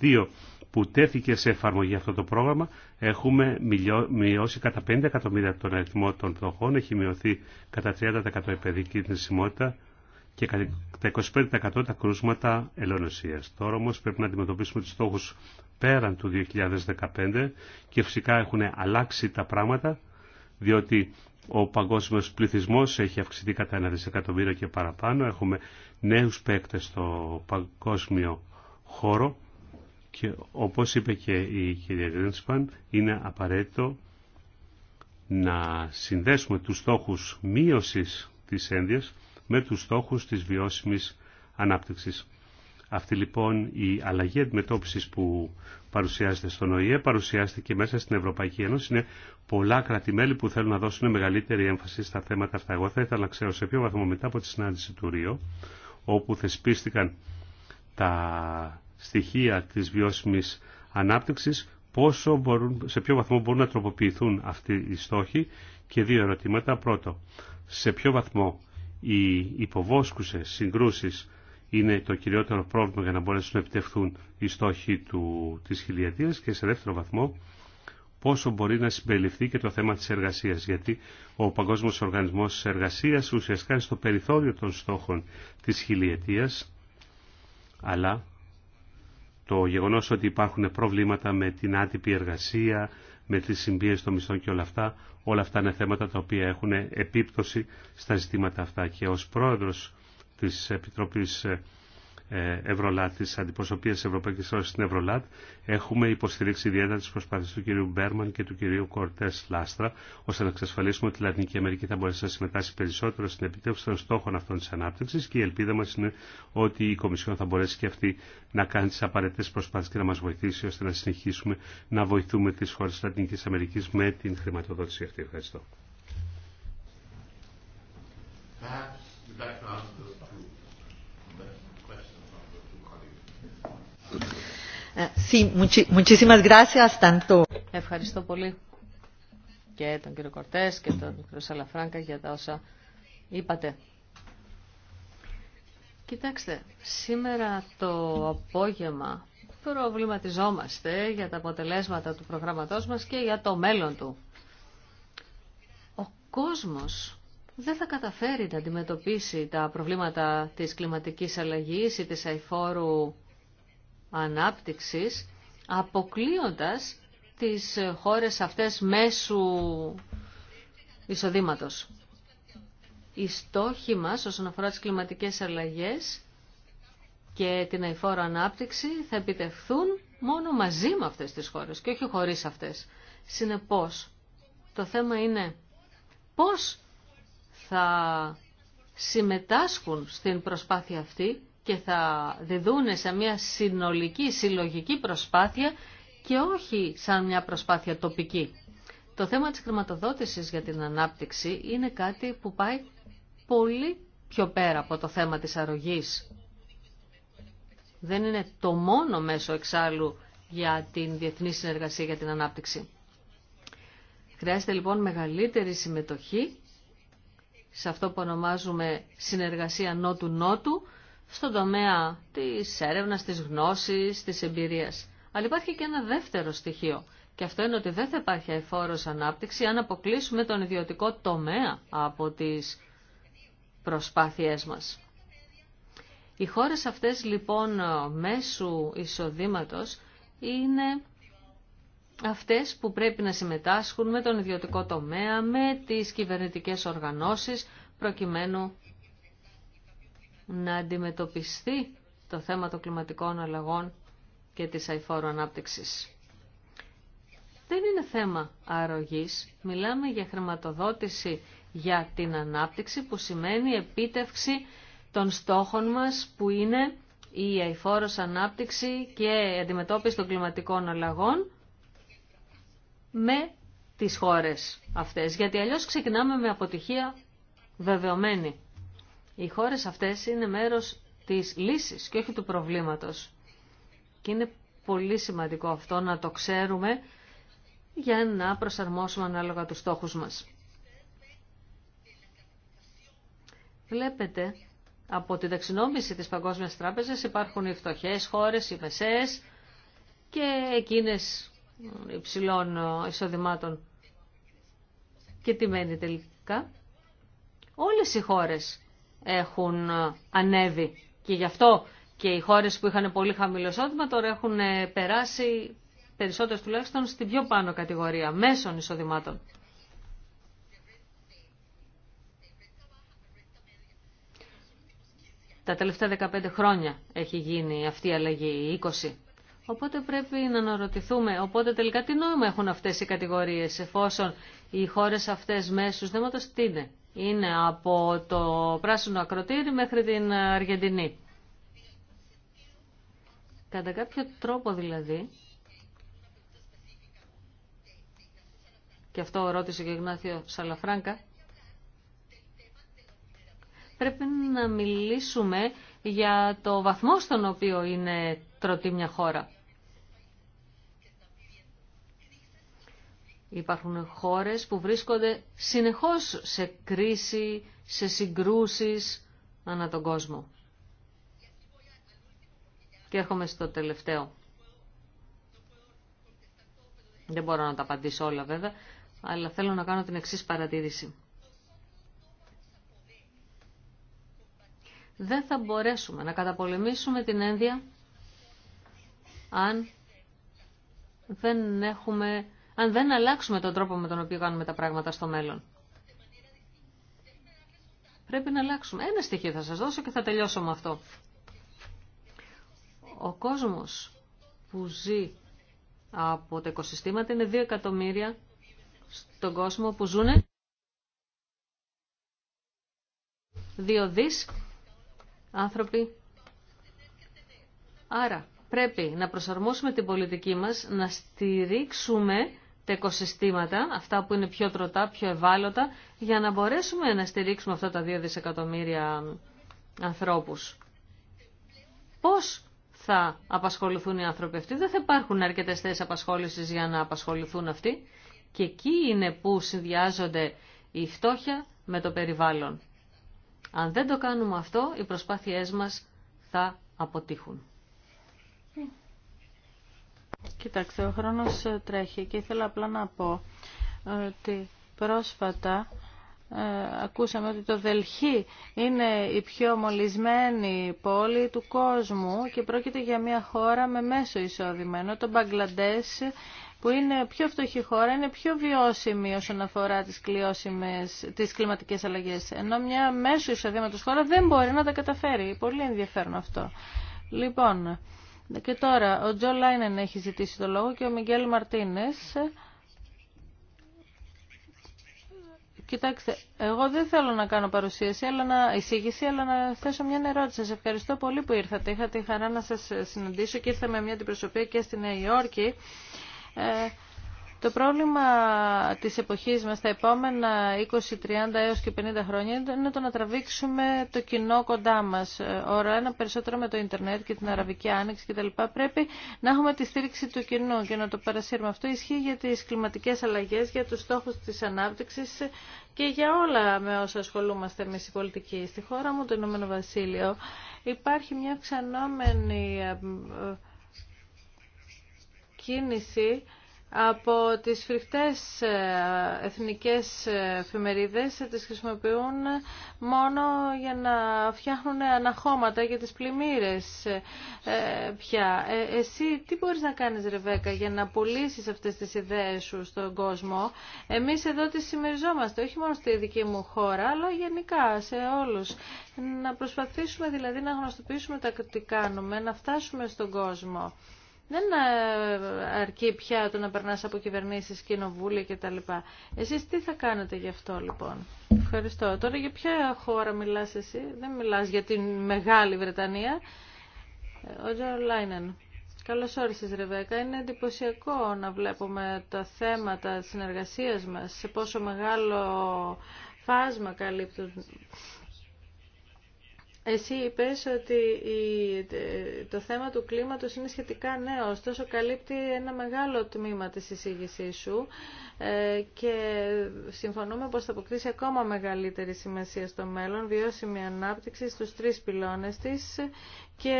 [SPEAKER 2] 2002 που τέθηκε σε εφαρμογή αυτό το πρόγραμμα, έχουμε μειώσει κατά 5 εκατομμύρια τον αριθμό των πτωχών, έχει μειωθεί κατά 30% η παιδική και τα 25% τα κρούσματα ελαιονοσίας. Τώρα όμως πρέπει να αντιμετωπίσουμε τους στόχους πέραν του 2015 και φυσικά έχουν αλλάξει τα πράγματα διότι ο παγκόσμιος πληθυσμός έχει αυξηθεί κατά ένα δισεκατομμύριο και παραπάνω. Έχουμε νέους παίκτες στο παγκόσμιο χώρο και όπως είπε και η κυρία Γκρίνσπαν είναι απαραίτητο να συνδέσουμε τους στόχους μείωσης της ένδυας με τους στόχους της βιώσιμης ανάπτυξης. Αυτή λοιπόν η αλλαγή αντιμετώπιση που παρουσιάζεται στον ΟΗΕ παρουσιάστηκε μέσα στην Ευρωπαϊκή Ένωση. Είναι πολλά κρατημέλη που θέλουν να δώσουν μεγαλύτερη έμφαση στα θέματα αυτά. Εγώ θα ήθελα να ξέρω σε ποιο βαθμό μετά από τη συνάντηση του Ρίο, όπου θεσπίστηκαν τα στοιχεία της βιώσιμης ανάπτυξης, πόσο μπορούν, σε ποιο βαθμό μπορούν να τροποποιηθούν αυτοί οι στόχοι και δύο ερωτήματα. Πρώτο, σε ποιο βαθμό οι υποβόσκουσες συγκρούσεις είναι το κυριότερο πρόβλημα για να μπορέσουν να επιτευχθούν οι στόχοι του, της χιλιατίας και σε δεύτερο βαθμό πόσο μπορεί να συμπεριληφθεί και το θέμα της εργασίας, γιατί ο Παγκόσμιος Οργανισμός Εργασίας ουσιαστικά είναι στο περιθώριο των στόχων της χιλιετίας, αλλά το γεγονός ότι υπάρχουν προβλήματα με την άτυπη εργασία, με τις συμπίε των μισθών και όλα αυτά. Όλα αυτά είναι θέματα τα οποία έχουν επίπτωση στα ζητήματα αυτά. Και ως πρόεδρος της Επιτροπής ε, Ευρωλάτ, τη αντιπροσωπεία τη Ευρωπαϊκή Ένωση στην Ευρωλάτ, έχουμε υποστηρίξει ιδιαίτερα τι προσπάθειε του κυρίου Μπέρμαν και του κυρίου Κορτέ Λάστρα, ώστε να εξασφαλίσουμε ότι η Λατινική Αμερική θα μπορέσει να συμμετάσχει περισσότερο στην επιτεύξη των στόχων αυτών τη ανάπτυξη και η ελπίδα μα είναι ότι η Κομισιόν θα μπορέσει και αυτή να κάνει τι απαραίτητε προσπάθειε και να μα βοηθήσει ώστε να συνεχίσουμε να βοηθούμε τι χώρε τη Λατινική Αμερική με την χρηματοδότηση αυτή. Ευχαριστώ.
[SPEAKER 4] Ε,
[SPEAKER 1] Ευχαριστώ πολύ και τον κύριο Κορτές και τον κύριο Σαλαφράγκα για τα όσα είπατε. Κοιτάξτε, σήμερα το απόγευμα προβληματιζόμαστε για τα αποτελέσματα του προγράμματός μας και για το μέλλον του. Ο κόσμος δεν θα καταφέρει να αντιμετωπίσει τα προβλήματα της κλιματικής αλλαγής ή της αηφόρου ανάπτυξης αποκλείοντας τις χώρες αυτές μέσου εισοδήματος. Οι στόχοι μας όσον αφορά τις κλιματικές αλλαγές και την αηφόρο ανάπτυξη θα επιτευχθούν μόνο μαζί με αυτές τις χώρες και όχι χωρίς αυτές. Συνεπώς, το θέμα είναι πώς θα συμμετάσχουν στην προσπάθεια αυτή και θα διδούν σε μια συνολική, συλλογική προσπάθεια και όχι σαν μια προσπάθεια τοπική. Το θέμα της χρηματοδότησης για την ανάπτυξη είναι κάτι που πάει πολύ πιο πέρα από το θέμα της αρρωγής. Δεν είναι το μόνο μέσο εξάλλου για την διεθνή συνεργασία για την ανάπτυξη. Χρειάζεται λοιπόν μεγαλύτερη συμμετοχή σε αυτό που ονομάζουμε συνεργασία νότου-νότου στον τομέα της έρευνας, της γνώσης, της εμπειρίας. Αλλά υπάρχει και ένα δεύτερο στοιχείο. Και αυτό είναι ότι δεν θα υπάρχει εφόρος ανάπτυξη αν αποκλείσουμε τον ιδιωτικό τομέα από τις προσπάθειές μας. Οι χώρες αυτές λοιπόν μέσου εισοδήματος είναι αυτές που πρέπει να συμμετάσχουν με τον ιδιωτικό τομέα, με τις κυβερνητικές οργανώσεις, προκειμένου να αντιμετωπιστεί το θέμα των κλιματικών αλλαγών και της αηφόρου ανάπτυξης. Δεν είναι θέμα αρρωγής. Μιλάμε για χρηματοδότηση για την ανάπτυξη που σημαίνει επίτευξη των στόχων μας που είναι η αηφόρος ανάπτυξη και η αντιμετώπιση των κλιματικών αλλαγών με τις χώρες αυτές. Γιατί αλλιώς ξεκινάμε με αποτυχία βεβαιωμένη. Οι χώρες αυτές είναι μέρος της λύσης και όχι του προβλήματος. Και είναι πολύ σημαντικό αυτό να το ξέρουμε για να προσαρμόσουμε ανάλογα τους στόχους μας. Βλέπετε, από τη δεξινόμηση της Παγκόσμιας Τράπεζας υπάρχουν οι φτωχές χώρες, οι μεσαίες και εκείνες υψηλών εισοδημάτων. Και τι μένει τελικά. Όλες οι χώρες έχουν ε, ανέβει. Και γι' αυτό και οι χώρες που είχαν πολύ χαμηλό εισόδημα τώρα έχουν ε, περάσει περισσότερες τουλάχιστον στην πιο πάνω κατηγορία, μέσων εισοδημάτων. Τα τελευταία 15 χρόνια έχει γίνει αυτή η αλλαγή, 20. Οπότε πρέπει να αναρωτηθούμε, οπότε τελικά τι νόημα έχουν αυτές οι κατηγορίες, εφόσον οι χώρες αυτές μέσους δεν τι είναι. Είναι από το πράσινο ακροτήρι μέχρι την Αργεντινή. Κατά κάποιο τρόπο δηλαδή, και αυτό ρώτησε και ο Γνάθιο Σαλαφράγκα, πρέπει να μιλήσουμε για το βαθμό στον οποίο είναι τρωτή μια χώρα. Υπάρχουν χώρες που βρίσκονται συνεχώς σε κρίση, σε συγκρούσεις ανά τον κόσμο. Και έρχομαι στο τελευταίο. Δεν μπορώ να τα απαντήσω όλα βέβαια, αλλά θέλω να κάνω την εξής παρατήρηση. Δεν θα μπορέσουμε να καταπολεμήσουμε την ένδια αν δεν έχουμε αν δεν αλλάξουμε τον τρόπο με τον οποίο κάνουμε τα πράγματα στο μέλλον. Πρέπει να αλλάξουμε. Ένα στοιχείο θα σας δώσω και θα τελειώσω με αυτό. Ο κόσμος που ζει από τα οικοσυστήματα είναι 2 εκατομμύρια στον κόσμο που ζουν δύο δις άνθρωποι. Άρα πρέπει να προσαρμόσουμε την πολιτική μας, να στηρίξουμε τα οικοσυστήματα, αυτά που είναι πιο τροτά, πιο ευάλωτα, για να μπορέσουμε να στηρίξουμε αυτά τα δύο δισεκατομμύρια ανθρώπους. Πώς θα απασχοληθούν οι άνθρωποι αυτοί, δεν θα υπάρχουν αρκετές θέσεις απασχόλησης για να απασχοληθούν αυτοί. Και εκεί είναι που συνδυάζονται η φτώχεια με το περιβάλλον. Αν δεν το κάνουμε αυτό, οι προσπάθειές μας θα αποτύχουν.
[SPEAKER 3] Κοιτάξτε, ο χρόνος ε, τρέχει και ήθελα απλά να πω ε, ότι πρόσφατα ε, ακούσαμε ότι το Δελχή είναι η πιο μολυσμένη πόλη του κόσμου και πρόκειται για μια χώρα με μέσο εισόδημα, ενώ το Μπαγκλαντές που είναι πιο φτωχή χώρα, είναι πιο βιώσιμη όσον αφορά τις, τις κλιματικές αλλαγές. Ενώ μια μέσο εισοδήματος χώρα δεν μπορεί να τα καταφέρει. Πολύ ενδιαφέρον αυτό. Λοιπόν, και τώρα ο Τζο Λάινεν έχει ζητήσει το λόγο και ο Μιγγέλ Μαρτίνες. Κοιτάξτε, εγώ δεν θέλω να κάνω παρουσίαση, αλλά να εισήγηση, αλλά να θέσω μια ερώτηση. Σας ευχαριστώ πολύ που ήρθατε. Είχα τη χαρά να σας συναντήσω και ήρθαμε μια προσωπία και στη Νέα Υόρκη. Ε, το πρόβλημα της εποχής μας τα επόμενα 20, 30 έως και 50 χρόνια είναι το να τραβήξουμε το κοινό κοντά μας. Ωραία, ε, ένα περισσότερο με το ίντερνετ και την αραβική άνοιξη κτλ. Πρέπει να έχουμε τη στήριξη του κοινού και να το παρασύρουμε. Αυτό ισχύει για τις κλιματικές αλλαγές, για τους στόχους της ανάπτυξης και για όλα με όσα ασχολούμαστε εμείς οι πολιτικοί. Στη χώρα μου, το Ηνωμένο Βασίλειο, υπάρχει μια αυξανόμενη ε, ε, κίνηση από τις φρικτές ε, εθνικές ε, εφημερίδες ε, τις χρησιμοποιούν μόνο για να φτιάχνουν αναχώματα για τις πλημμύρες ε, πια. εσύ τι μπορείς να κάνεις Ρεβέκα για να πουλήσεις αυτές τις ιδέες σου στον κόσμο. Εμείς εδώ τις συμμεριζόμαστε όχι μόνο στη δική μου χώρα αλλά γενικά σε όλους. Να προσπαθήσουμε δηλαδή να γνωστοποιήσουμε τα τι κάνουμε, να φτάσουμε στον κόσμο. Δεν ε, αρκεί πια το να περνά από κυβερνήσει κοινοβούλια κτλ. Εσεί, τι θα κάνετε γι' αυτό λοιπόν. Ευχαριστώ. Τώρα για ποια χώρα μιλά εσύ. Δεν μιλάς για την Μεγάλη Βρετανία. Ε, ο Τζορ Λάινεν. Καλώ όρισε, Ρεβέκα. Είναι εντυπωσιακό να βλέπουμε τα θέματα συνεργασίας μας σε πόσο μεγάλο φάσμα καλύπτουν εσύ είπες ότι το θέμα του κλίματος είναι σχετικά νέο, ωστόσο καλύπτει ένα μεγάλο τμήμα της εισήγησή σου ε, και συμφωνούμε πως θα αποκτήσει ακόμα μεγαλύτερη σημασία στο μέλλον, βιώσιμη ανάπτυξη στους τρεις πυλώνες της και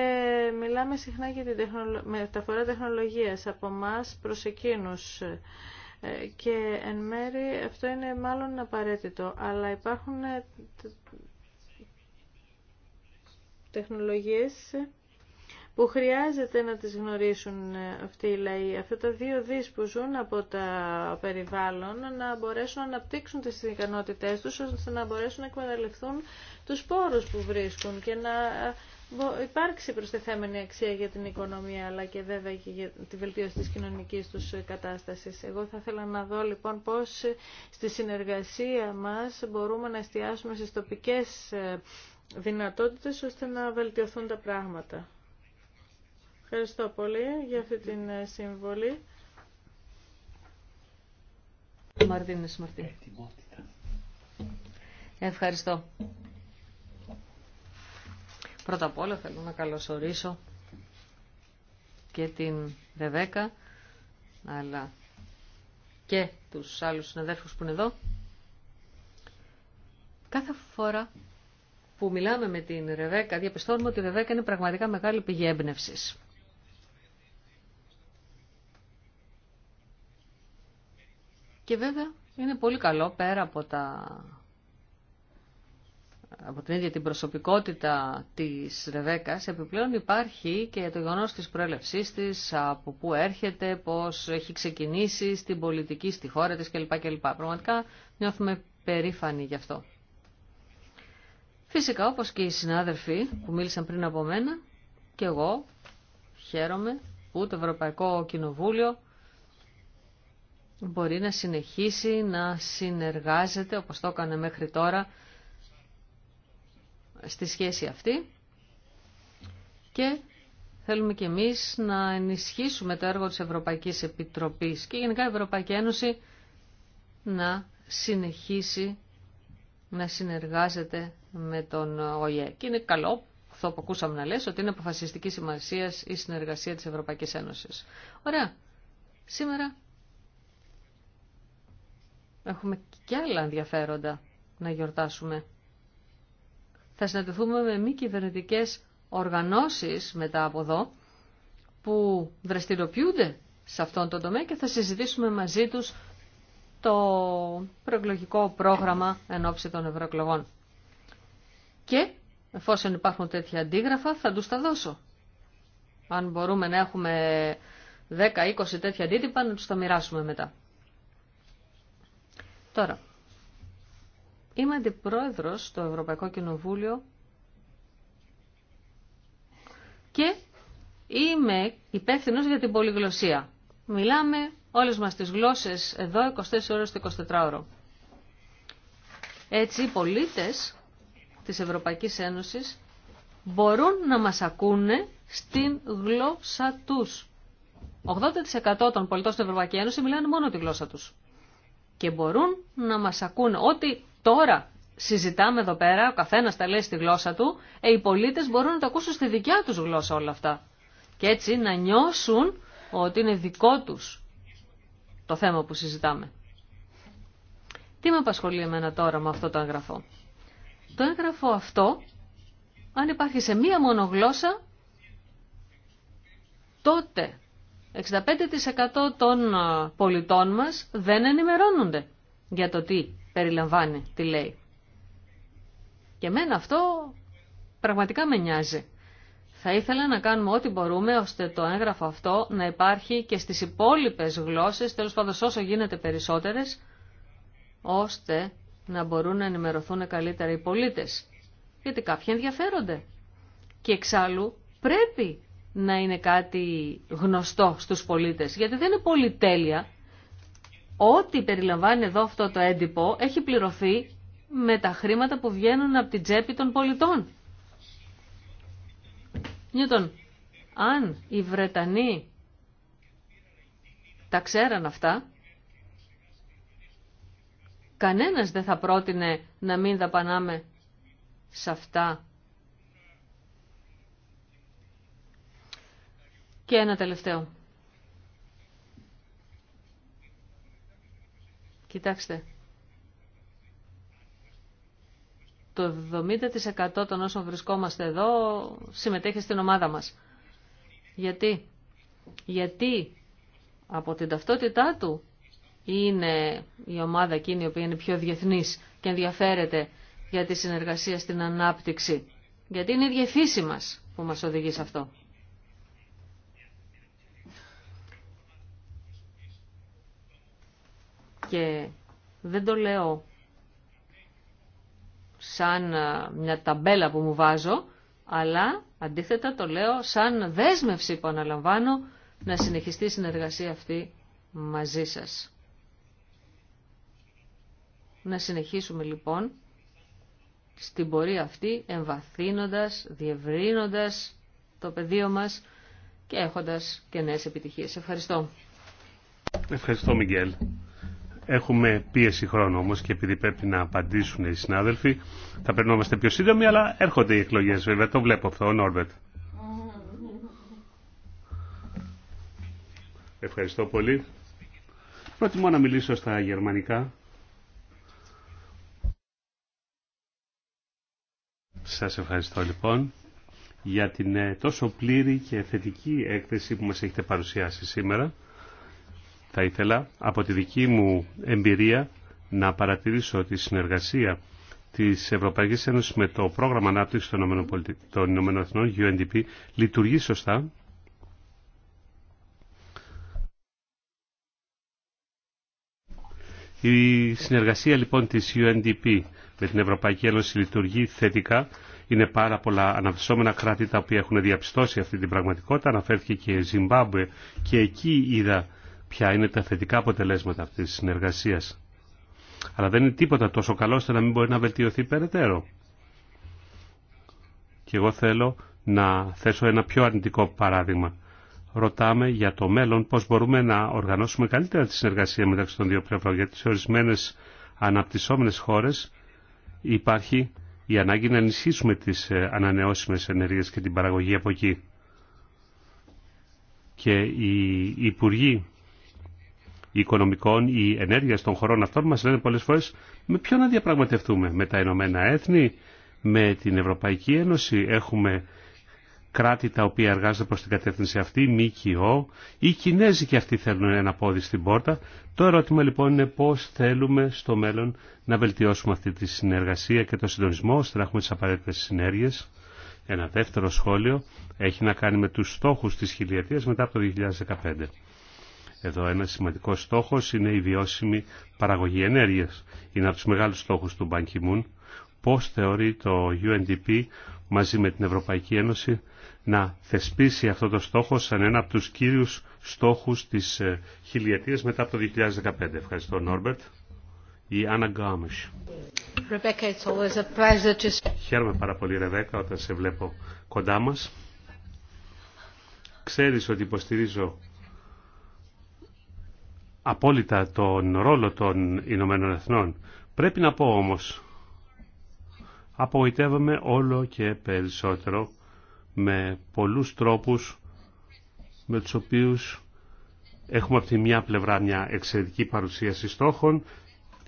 [SPEAKER 3] μιλάμε συχνά για την τεχνολο... μεταφορά τεχνολογίας από εμά προς εκείνους ε, και εν μέρη αυτό είναι μάλλον απαραίτητο, αλλά υπάρχουν ε, τεχνολογίες που χρειάζεται να τις γνωρίσουν αυτοί οι λαοί, αυτά τα δύο δις που ζουν από τα περιβάλλον, να μπορέσουν να αναπτύξουν τις ικανότητές τους, ώστε να μπορέσουν να εκμεταλλευτούν τους πόρους που βρίσκουν και να ε, υπάρξει προστεθέμενη αξία για την οικονομία, αλλά και βέβαια και για τη βελτίωση της κοινωνικής τους κατάστασης. Εγώ θα ήθελα να δω λοιπόν πώς στη συνεργασία μας μπορούμε να εστιάσουμε στις τοπικές ε, δυνατότητες ώστε να βελτιωθούν τα πράγματα. Ευχαριστώ πολύ για αυτή την ε, συμβολή.
[SPEAKER 1] Μαρτίνες, Μαρτίν. Ευχαριστώ. Πρώτα απ' όλα θέλω να καλωσορίσω και την Ρεβέκα, αλλά και τους άλλους συναδέλφους που είναι εδώ. Κάθε φορά που μιλάμε με την Ρεβέκα, διαπιστώνουμε ότι η Ρεβέκα είναι πραγματικά μεγάλη πηγή έμπνευση. Και βέβαια είναι πολύ καλό πέρα από, τα... από την ίδια την προσωπικότητα της Ρεβέκας. Επιπλέον υπάρχει και το γεγονό της προέλευσής της, από πού έρχεται, πώς έχει ξεκινήσει στην πολιτική, στη χώρα της κλπ. κλπ. Πραγματικά νιώθουμε περήφανοι γι' αυτό. Φυσικά, όπως και οι συνάδελφοι που μίλησαν πριν από μένα, και εγώ χαίρομαι που το Ευρωπαϊκό Κοινοβούλιο μπορεί να συνεχίσει να συνεργάζεται, όπως το έκανε μέχρι τώρα, στη σχέση αυτή και θέλουμε και εμείς να ενισχύσουμε το έργο της Ευρωπαϊκής Επιτροπής και γενικά η Ευρωπαϊκή Ένωση να συνεχίσει να συνεργάζεται με τον ΟΗΕ. Και είναι καλό αυτό που ακούσαμε να λες, ότι είναι αποφασιστική σημασία η συνεργασία της Ευρωπαϊκής Ένωσης. Ωραία. Σήμερα έχουμε και άλλα ενδιαφέροντα να γιορτάσουμε. Θα συναντηθούμε με μη κυβερνητικέ οργανώσεις μετά από εδώ, που δραστηριοποιούνται σε αυτόν τον τομέα και θα συζητήσουμε μαζί τους το προεκλογικό πρόγραμμα εν ώψη των ευρωεκλογών. Και εφόσον υπάρχουν τέτοια αντίγραφα θα τους τα δώσω. Αν μπορούμε να έχουμε 10-20 τέτοια αντίτυπα να τους τα μοιράσουμε μετά. Τώρα, είμαι αντιπρόεδρος στο Ευρωπαϊκό Κοινοβούλιο και είμαι υπεύθυνος για την πολυγλωσία. Μιλάμε όλες μας τις γλώσσες εδώ 24 ώρες το 24ωρο. Έτσι οι πολίτες της Ευρωπαϊκής Ένωσης μπορούν να μας ακούνε στην γλώσσα τους. 80% των πολιτών στην Ευρωπαϊκή Ένωση μιλάνε μόνο τη γλώσσα τους. Και μπορούν να μας ακούνε. Ό,τι τώρα συζητάμε εδώ πέρα, ο καθένας τα λέει στη γλώσσα του, ε, οι πολίτες μπορούν να το ακούσουν στη δικιά τους γλώσσα όλα αυτά. Και έτσι να νιώσουν ότι είναι δικό τους το θέμα που συζητάμε. Τι με απασχολεί εμένα τώρα με αυτό το έγγραφο. Το έγγραφο αυτό, αν υπάρχει σε μία μόνο γλώσσα, τότε 65% των ε, πολιτών μας δεν ενημερώνονται για το τι περιλαμβάνει, τι λέει. Και εμένα αυτό πραγματικά με νοιάζει. Θα ήθελα να κάνουμε ό,τι μπορούμε ώστε το έγγραφο αυτό να υπάρχει και στις υπόλοιπες γλώσσες, τέλος πάντων όσο γίνεται περισσότερες, ώστε να μπορούν να ενημερωθούν καλύτερα οι πολίτες. Γιατί κάποιοι ενδιαφέρονται. Και εξάλλου πρέπει να είναι κάτι γνωστό στους πολίτες, γιατί δεν είναι πολυτέλεια. Ό,τι περιλαμβάνει εδώ αυτό το έντυπο έχει πληρωθεί με τα χρήματα που βγαίνουν από την τσέπη των πολιτών. Νιούτον, αν οι Βρετανοί τα ξέραν αυτά, κανένας δεν θα πρότεινε να μην δαπανάμε σε αυτά. Και ένα τελευταίο. Κοιτάξτε, Το 70% των όσων βρισκόμαστε εδώ συμμετέχει στην ομάδα μας. Γιατί? Γιατί από την ταυτότητά του είναι η ομάδα εκείνη η οποία είναι πιο διεθνής και ενδιαφέρεται για τη συνεργασία στην ανάπτυξη. Γιατί είναι η ίδια φύση μας που μας οδηγεί σε αυτό. Και δεν το λέω σαν ε, μια ταμπέλα που μου βάζω, αλλά αντίθετα το λέω σαν δέσμευση που αναλαμβάνω να συνεχιστεί η συνεργασία αυτή μαζί σας. Να συνεχίσουμε λοιπόν στην πορεία αυτή εμβαθύνοντας, διευρύνοντας το πεδίο μας και έχοντας και νέες επιτυχίες. Ευχαριστώ.
[SPEAKER 2] Ευχαριστώ Μιγγέλ. Έχουμε πίεση χρόνου όμω και επειδή πρέπει να απαντήσουν οι συνάδελφοι θα πρέπει να πιο σύντομοι αλλά έρχονται οι εκλογές βέβαια. Το βλέπω αυτό ο Νόρβετ. Ευχαριστώ πολύ. Προτιμώ να μιλήσω στα γερμανικά. Σας ευχαριστώ λοιπόν για την ε, τόσο πλήρη και θετική έκθεση που μας έχετε παρουσιάσει σήμερα. Θα ήθελα από τη δική μου εμπειρία να παρατηρήσω ότι η συνεργασία της Ευρωπαϊκής Ένωσης με το πρόγραμμα ανάπτυξης των Ηνωμένων Εθνών, UNDP, λειτουργεί σωστά. Η συνεργασία λοιπόν της UNDP με την Ευρωπαϊκή Ένωση λειτουργεί θετικά. Είναι πάρα πολλά αναπτυσσόμενα κράτη τα οποία έχουν διαπιστώσει αυτή την πραγματικότητα. Αναφέρθηκε και Ζιμπάμπουε και εκεί είδα ποια είναι τα θετικά αποτελέσματα αυτής της συνεργασίας. Αλλά δεν είναι τίποτα τόσο καλό ώστε να μην μπορεί να βελτιωθεί περαιτέρω. Και εγώ θέλω να θέσω ένα πιο αρνητικό παράδειγμα. Ρωτάμε για το μέλλον πώς μπορούμε να οργανώσουμε καλύτερα τη συνεργασία μεταξύ των δύο πλευρών. Γιατί σε ορισμένες αναπτυσσόμενες χώρες υπάρχει η ανάγκη να ενισχύσουμε τις ε, ανανεώσιμες ενέργειες και την παραγωγή από εκεί. Και οι υπουργοί οικονομικών ή ενέργεια των χωρών αυτών μα, λένε πολλέ φορέ, με ποιον να διαπραγματευτούμε, με τα Ηνωμένα Έθνη, με την Ευρωπαϊκή Ένωση, έχουμε κράτη τα οποία εργάζονται προς την κατεύθυνση αυτή, ΜΚΟ, οι Κινέζοι και αυτοί θέλουν ένα πόδι στην πόρτα. Το ερώτημα λοιπόν είναι πώς θέλουμε στο μέλλον να βελτιώσουμε αυτή τη συνεργασία και το συντονισμό ώστε να έχουμε τις απαραίτητε συνέργειες. Ένα δεύτερο σχόλιο έχει να κάνει με τους στόχους της χιλιετίας μετά από το 2015. Εδώ ένα σημαντικό στόχος είναι η βιώσιμη παραγωγή ενέργειας. Είναι από του μεγάλους στόχους του Ban Ki-moon. Πώς θεωρεί το UNDP μαζί με την Ευρωπαϊκή Ένωση να θεσπίσει αυτό το στόχο σαν ένα από τους κύριους στόχους της ε, χιλιετίας μετά από το 2015. Ευχαριστώ Νόρμπερτ. Η Άννα Γκάμις. Χαίρομαι πάρα πολύ Ρεβέκα όταν σε βλέπω κοντά μας. Ξέρεις ότι υποστηρίζω απόλυτα τον ρόλο των Ηνωμένων Εθνών. Πρέπει να πω όμως, απογοητεύομαι όλο και περισσότερο με πολλούς τρόπους με τους οποίους έχουμε από τη μια πλευρά μια εξαιρετική παρουσίαση στόχων,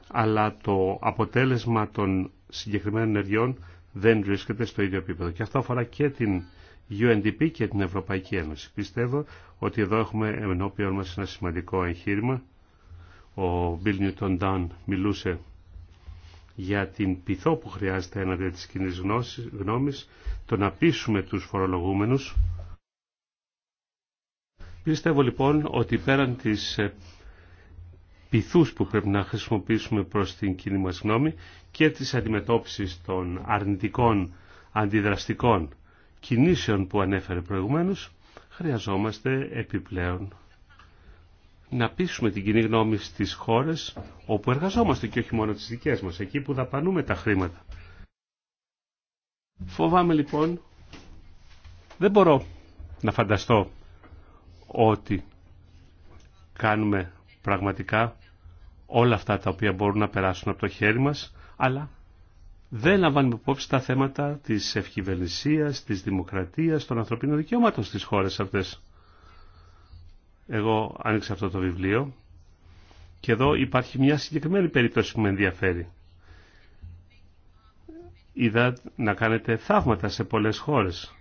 [SPEAKER 2] αλλά το αποτέλεσμα των συγκεκριμένων ενεργειών δεν βρίσκεται στο ίδιο επίπεδο. Και αυτό αφορά και την UNDP και την Ευρωπαϊκή Ένωση. Πιστεύω ότι εδώ έχουμε ενώπιον μας ένα σημαντικό εγχείρημα. Ο Bill Newton Dunn μιλούσε για την πειθό που χρειάζεται έναντι της κοινή γνώμης, το να πείσουμε τους φορολογούμενους. Πιστεύω λοιπόν ότι πέραν της ε, πειθούς που πρέπει να χρησιμοποιήσουμε προς την κοινή μας γνώμη και της αντιμετώπισης των αρνητικών αντιδραστικών κινήσεων που ανέφερε προηγουμένως, χρειαζόμαστε επιπλέον να πείσουμε την κοινή γνώμη στις χώρες όπου εργαζόμαστε και όχι μόνο τις δικές μας, εκεί που δαπανούμε τα χρήματα. Φοβάμαι λοιπόν, δεν μπορώ να φανταστώ ότι κάνουμε πραγματικά όλα αυτά τα οποία μπορούν να περάσουν από το χέρι μας, αλλά δεν λαμβάνουμε υπόψη τα θέματα της ευκυβερνησίας, της δημοκρατίας, των ανθρωπίνων δικαιωμάτων στις χώρες αυτές. Εγώ άνοιξα αυτό το βιβλίο και εδώ υπάρχει μια συγκεκριμένη περίπτωση που με ενδιαφέρει. Είδα να κάνετε θαύματα σε πολλές χώρες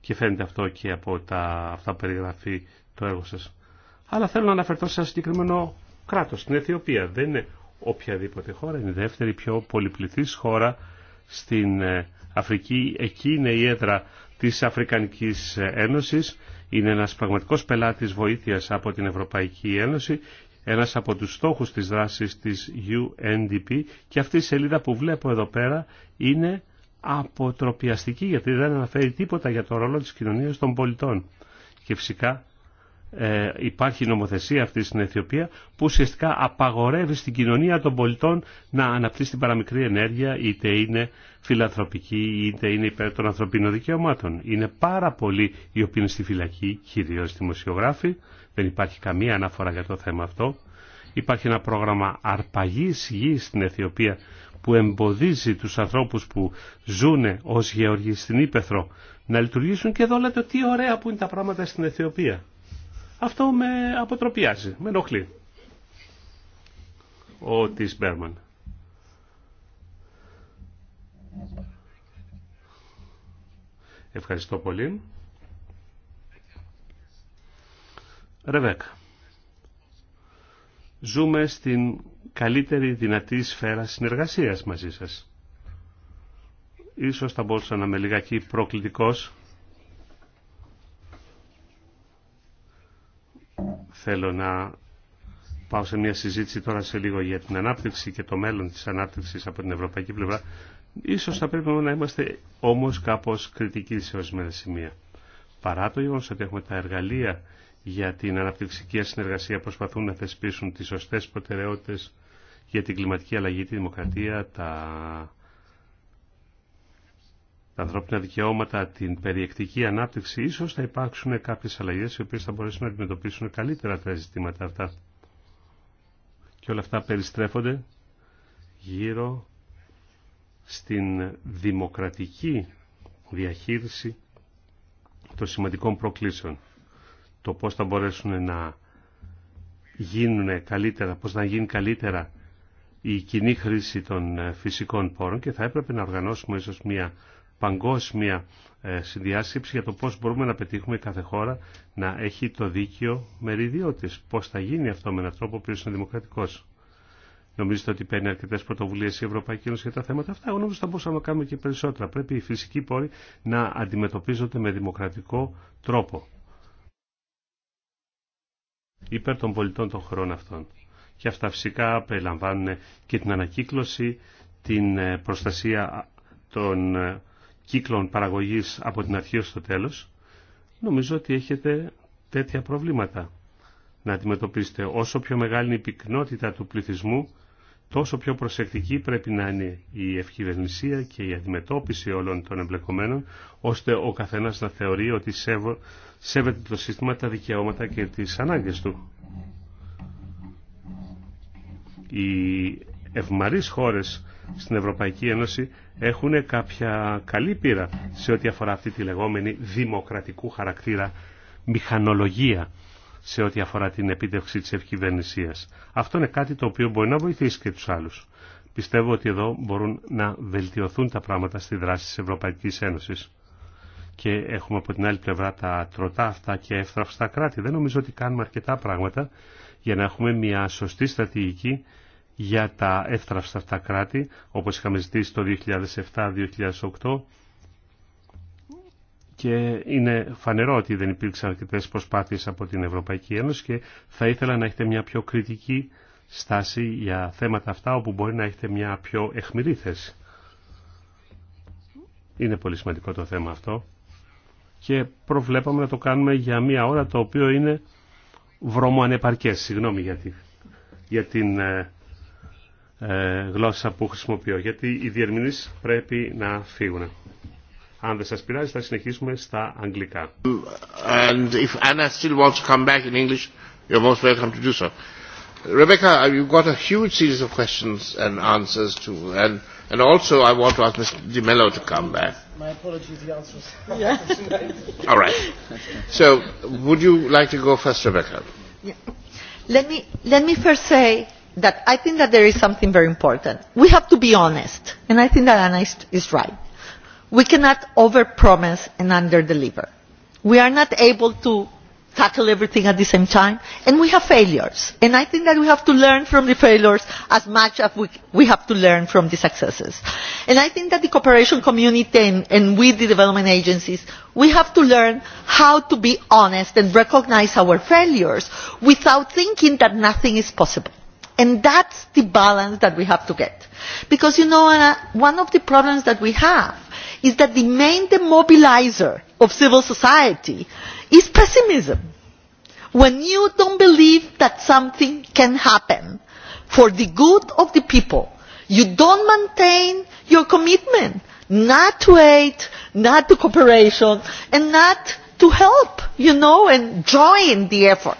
[SPEAKER 2] και φαίνεται αυτό και από τα, αυτά που περιγραφεί το έργο σας. Αλλά θέλω να αναφερθώ σε ένα συγκεκριμένο κράτος, την Αιθιοπία. Δεν οποιαδήποτε χώρα. Είναι η δεύτερη πιο πολυπληθής χώρα στην ε, Αφρική. Εκεί είναι η έδρα της Αφρικανικής ε, Ένωσης. Είναι ένας πραγματικός πελάτης βοήθειας από την Ευρωπαϊκή Ένωση. Ένας από τους στόχους της δράσης της UNDP και αυτή η σελίδα που βλέπω εδώ πέρα είναι αποτροπιαστική γιατί δεν αναφέρει τίποτα για το ρόλο της κοινωνίας των πολιτών. Και φυσικά ε, υπάρχει νομοθεσία αυτή στην Αιθιοπία που ουσιαστικά απαγορεύει στην κοινωνία των πολιτών να αναπτύσσει την παραμικρή ενέργεια είτε είναι φιλανθρωπική είτε είναι υπέρ των ανθρωπίνων δικαιωμάτων. Είναι πάρα πολλοί οι οποίοι είναι στη φυλακή, κυρίως δημοσιογράφοι. Δεν υπάρχει καμία αναφορά για το θέμα αυτό. Υπάρχει ένα πρόγραμμα αρπαγής γης στην Αιθιοπία που εμποδίζει τους ανθρώπους που ζουν ως γεωργοί στην Ήπεθρο να λειτουργήσουν και εδώ λέτε τι ωραία που είναι τα πράγματα στην Αιθιοπία. Αυτό με αποτροπιάζει, με ενοχλεί. Ο Τις Μπέρμαν. Ευχαριστώ πολύ. Ρεβέκα. Ζούμε στην καλύτερη δυνατή σφαίρα συνεργασίας μαζί σας. Ίσως θα μπορούσα να είμαι λιγάκι προκλητικός Θέλω να πάω σε μια συζήτηση τώρα σε λίγο για την ανάπτυξη και το μέλλον της ανάπτυξης από την ευρωπαϊκή πλευρά. Ίσως θα πρέπει να είμαστε όμως κάπως κριτικοί σε ορισμένα σημεία. Παρά το γεγονός ότι έχουμε τα εργαλεία για την αναπτυξική συνεργασία προσπαθούν να θεσπίσουν τις σωστές προτεραιότητες για την κλιματική αλλαγή, τη δημοκρατία, τα ανθρώπινα δικαιώματα, την περιεκτική ανάπτυξη, ίσως θα υπάρξουν κάποιες αλλαγές οι οποίες θα μπορέσουν να αντιμετωπίσουν καλύτερα τα ζητήματα αυτά. Και όλα αυτά περιστρέφονται γύρω στην δημοκρατική διαχείριση των σημαντικών προκλήσεων. Το πώς θα μπορέσουν να γίνουν καλύτερα, πώς να γίνει καλύτερα η κοινή χρήση των ε, φυσικών πόρων και θα έπρεπε να οργανώσουμε ίσως μια παγκόσμια ε, συνδιάσκεψη για το πώς μπορούμε να πετύχουμε κάθε χώρα να έχει το δίκαιο μεριδιό της. Πώς θα γίνει αυτό με έναν τρόπο που είναι δημοκρατικός. Νομίζετε ότι παίρνει αρκετέ πρωτοβουλίε η Ευρωπαϊκή Ένωση για τα θέματα αυτά. Εγώ νομίζω θα μπορούσαμε να κάνουμε και περισσότερα. Πρέπει οι φυσικοί πόροι να αντιμετωπίζονται με δημοκρατικό τρόπο. Υπέρ των πολιτών των χωρών αυτών. Και αυτά φυσικά περιλαμβάνουν και την ανακύκλωση, την ε, προστασία των ε, κύκλων παραγωγής από την αρχή ως το τέλος, νομίζω ότι έχετε τέτοια προβλήματα να αντιμετωπίσετε. Όσο πιο μεγάλη είναι η πυκνότητα του πληθυσμού, τόσο πιο προσεκτική πρέπει να είναι η ευκυβερνησία και η αντιμετώπιση όλων των εμπλεκομένων, ώστε ο καθένας να θεωρεί ότι σέβεται το σύστημα τα δικαιώματα και τις ανάγκες του. Οι ευμαρείς χώρες στην Ευρωπαϊκή Ένωση έχουν κάποια καλή πείρα σε ό,τι αφορά αυτή τη λεγόμενη δημοκρατικού χαρακτήρα μηχανολογία σε ό,τι αφορά την επίτευξη της ευκυβερνησίας. Αυτό είναι κάτι το οποίο μπορεί να βοηθήσει και τους άλλους. Πιστεύω ότι εδώ μπορούν να βελτιωθούν τα πράγματα στη δράση της Ευρωπαϊκής Ένωσης. Και έχουμε από την άλλη πλευρά τα τροτά αυτά και εύθραυστα κράτη. Δεν νομίζω ότι κάνουμε αρκετά πράγματα για να έχουμε μια σωστή στρατηγική για τα εύθραυστα αυτά κράτη, όπως είχαμε ζητήσει το 2007-2008 και είναι φανερό ότι δεν υπήρξαν αρκετές προσπάθειες από την Ευρωπαϊκή Ένωση και θα ήθελα να έχετε μια πιο κριτική στάση για θέματα αυτά όπου μπορεί να έχετε μια πιο εχμηρή θέση. Είναι πολύ σημαντικό το θέμα αυτό και προβλέπαμε να το κάνουμε για μία ώρα το οποίο είναι βρωμοανεπαρκές. Συγγνώμη για για την ε, γλώσσα που χρησιμοποιώ, γιατί οι διερμηνείς πρέπει να φύγουν. Αν δεν σας πειράζει θα συνεχίσουμε στα αγγλικά. And if Anna still wants to come back in English, you're most
[SPEAKER 5] welcome to do so. Rebecca, you've got a huge series of questions and answers to, and, and also I want to ask Mr. Di Mello to come back. My apologies, the answers. Yeah. All right. So, would you like to go first, Rebecca? Yeah.
[SPEAKER 4] Let me, let me first say that I think that there is something very important. We have to be honest, and I think that Anna is right. We cannot overpromise and underdeliver. We are not able to tackle everything at the same time, and we have failures. And I think that we have to learn from the failures as much as we have to learn from the successes. And I think that the cooperation community and with the development agencies, we have to learn how to be honest and recognize our failures without thinking that nothing is possible And that's the balance that we have to get. Because, you know, one of the problems that we have is that the main demobilizer of civil society is pessimism. When you don't believe that something can happen for the good of the people, you don't maintain your commitment, not to aid, not to cooperation, and not to help, you know, and join the effort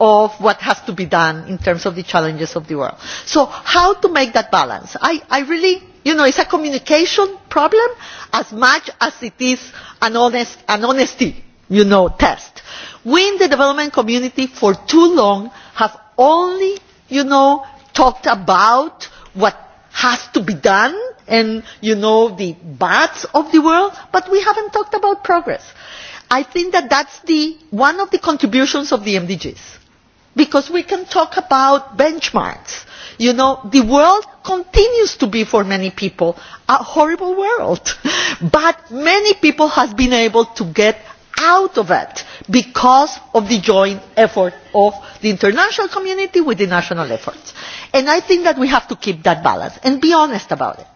[SPEAKER 4] of what has to be done in terms of the challenges of the world. So how to make that balance? I, I really, you know, it's a communication problem as much as it is an, honest, an honesty, you know, test. We in the development community for too long have only, you know, talked about what has to be done and, you know, the bads of the world, but we haven't talked about progress. I think that that's the, one of the contributions of the MDGs because we can talk about benchmarks. You know, the world continues to be for many people a horrible world, but many people have been able to get out of it because of the joint effort of the international community with the national efforts. And I think that we have to keep that balance and be honest about it.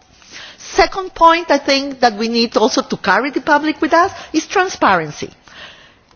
[SPEAKER 4] Second point I think that we need also to carry the public with us is transparency.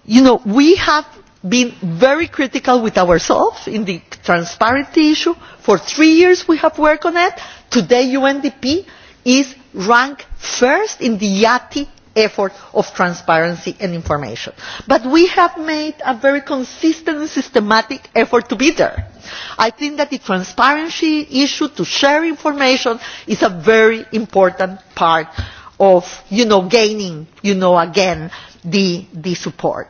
[SPEAKER 4] You know, we have been very critical with ourselves in the transparency issue. For three years we have worked on it. Today UNDP is ranked first in the YATI effort of transparency and information. But we have made a very consistent and systematic effort to be there. I think that the transparency issue to share information is a very important part of, you know, gaining, you know, again, the support.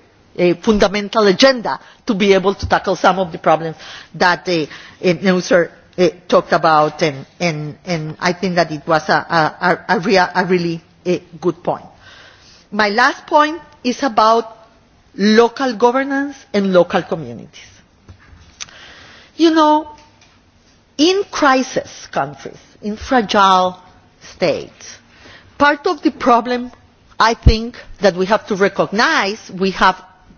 [SPEAKER 4] a fundamental agenda to be able to tackle some of the problems that Neusser talked about and and I think that it was a really good point. My last point is about local governance and local communities. You know, in crisis countries, in fragile states, part of the problem I think that we have to recognize, we have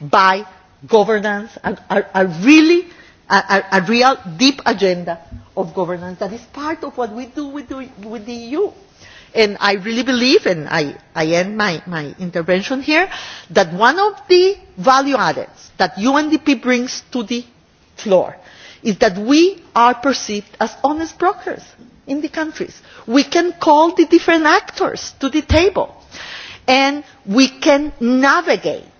[SPEAKER 4] by governance and a really a real deep agenda of governance that is part of what we do with the EU. And I really believe, and I end my intervention here, that one of the value adds that UNDP brings to the floor is that we are perceived as honest brokers in the countries. We can call the different actors to the table and we can navigate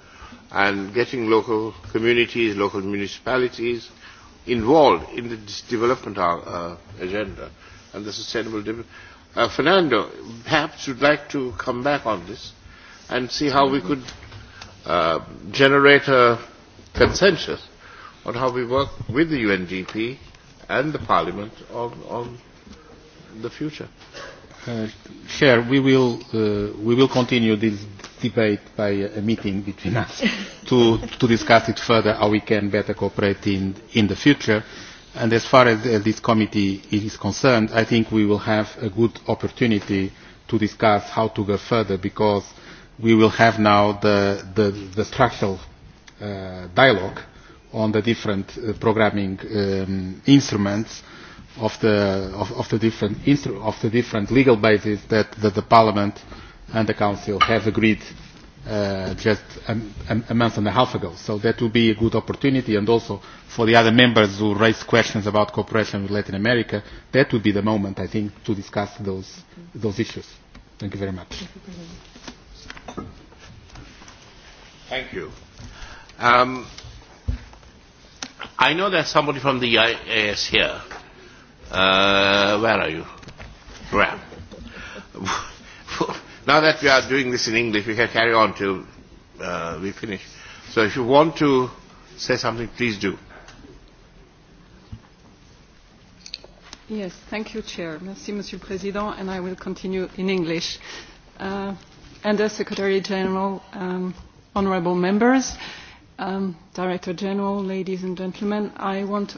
[SPEAKER 5] and getting local communities, local municipalities involved in the development agenda and the sustainable development. Fernando, perhaps you'd like to come back on this and see how we could generate a consensus on how we work with the UNDP and the Parliament on the future. Chair, we will continue this debate by a meeting between us to to discuss it further how we can better cooperate in in the future. And as far as this committee is concerned, I think we will have a good opportunity to discuss how to go further because we will have now the the the structural dialogue on the different programming instruments of the of the different of the different legal bases that the Parliament and the Council have agreed just a month and a half ago. So that will be a good opportunity and also for the other members who raise questions about cooperation with Latin America, that would be the moment, I think, to discuss those those issues. Thank you very much. Thank you. Um, I know there's somebody from the IAS here. where are you? Where? Now that we are doing this in English, we can carry on till uh, we finish. So if you want to say something, please do.
[SPEAKER 6] Yes, thank you, Chair. Merci, Monsieur le Président, and I will continue in English. and the Secretary General, um, honourable members, um, Director General, ladies and gentlemen, I want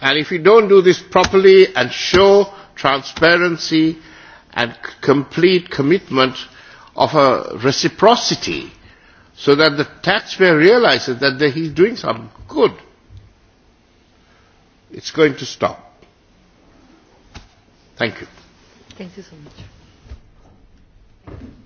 [SPEAKER 5] And if we don't do this properly and show transparency and complete commitment of a reciprocity so that the taxpayer realizes that he's doing something good, it's going to stop. Thank you.
[SPEAKER 4] Thank you so much.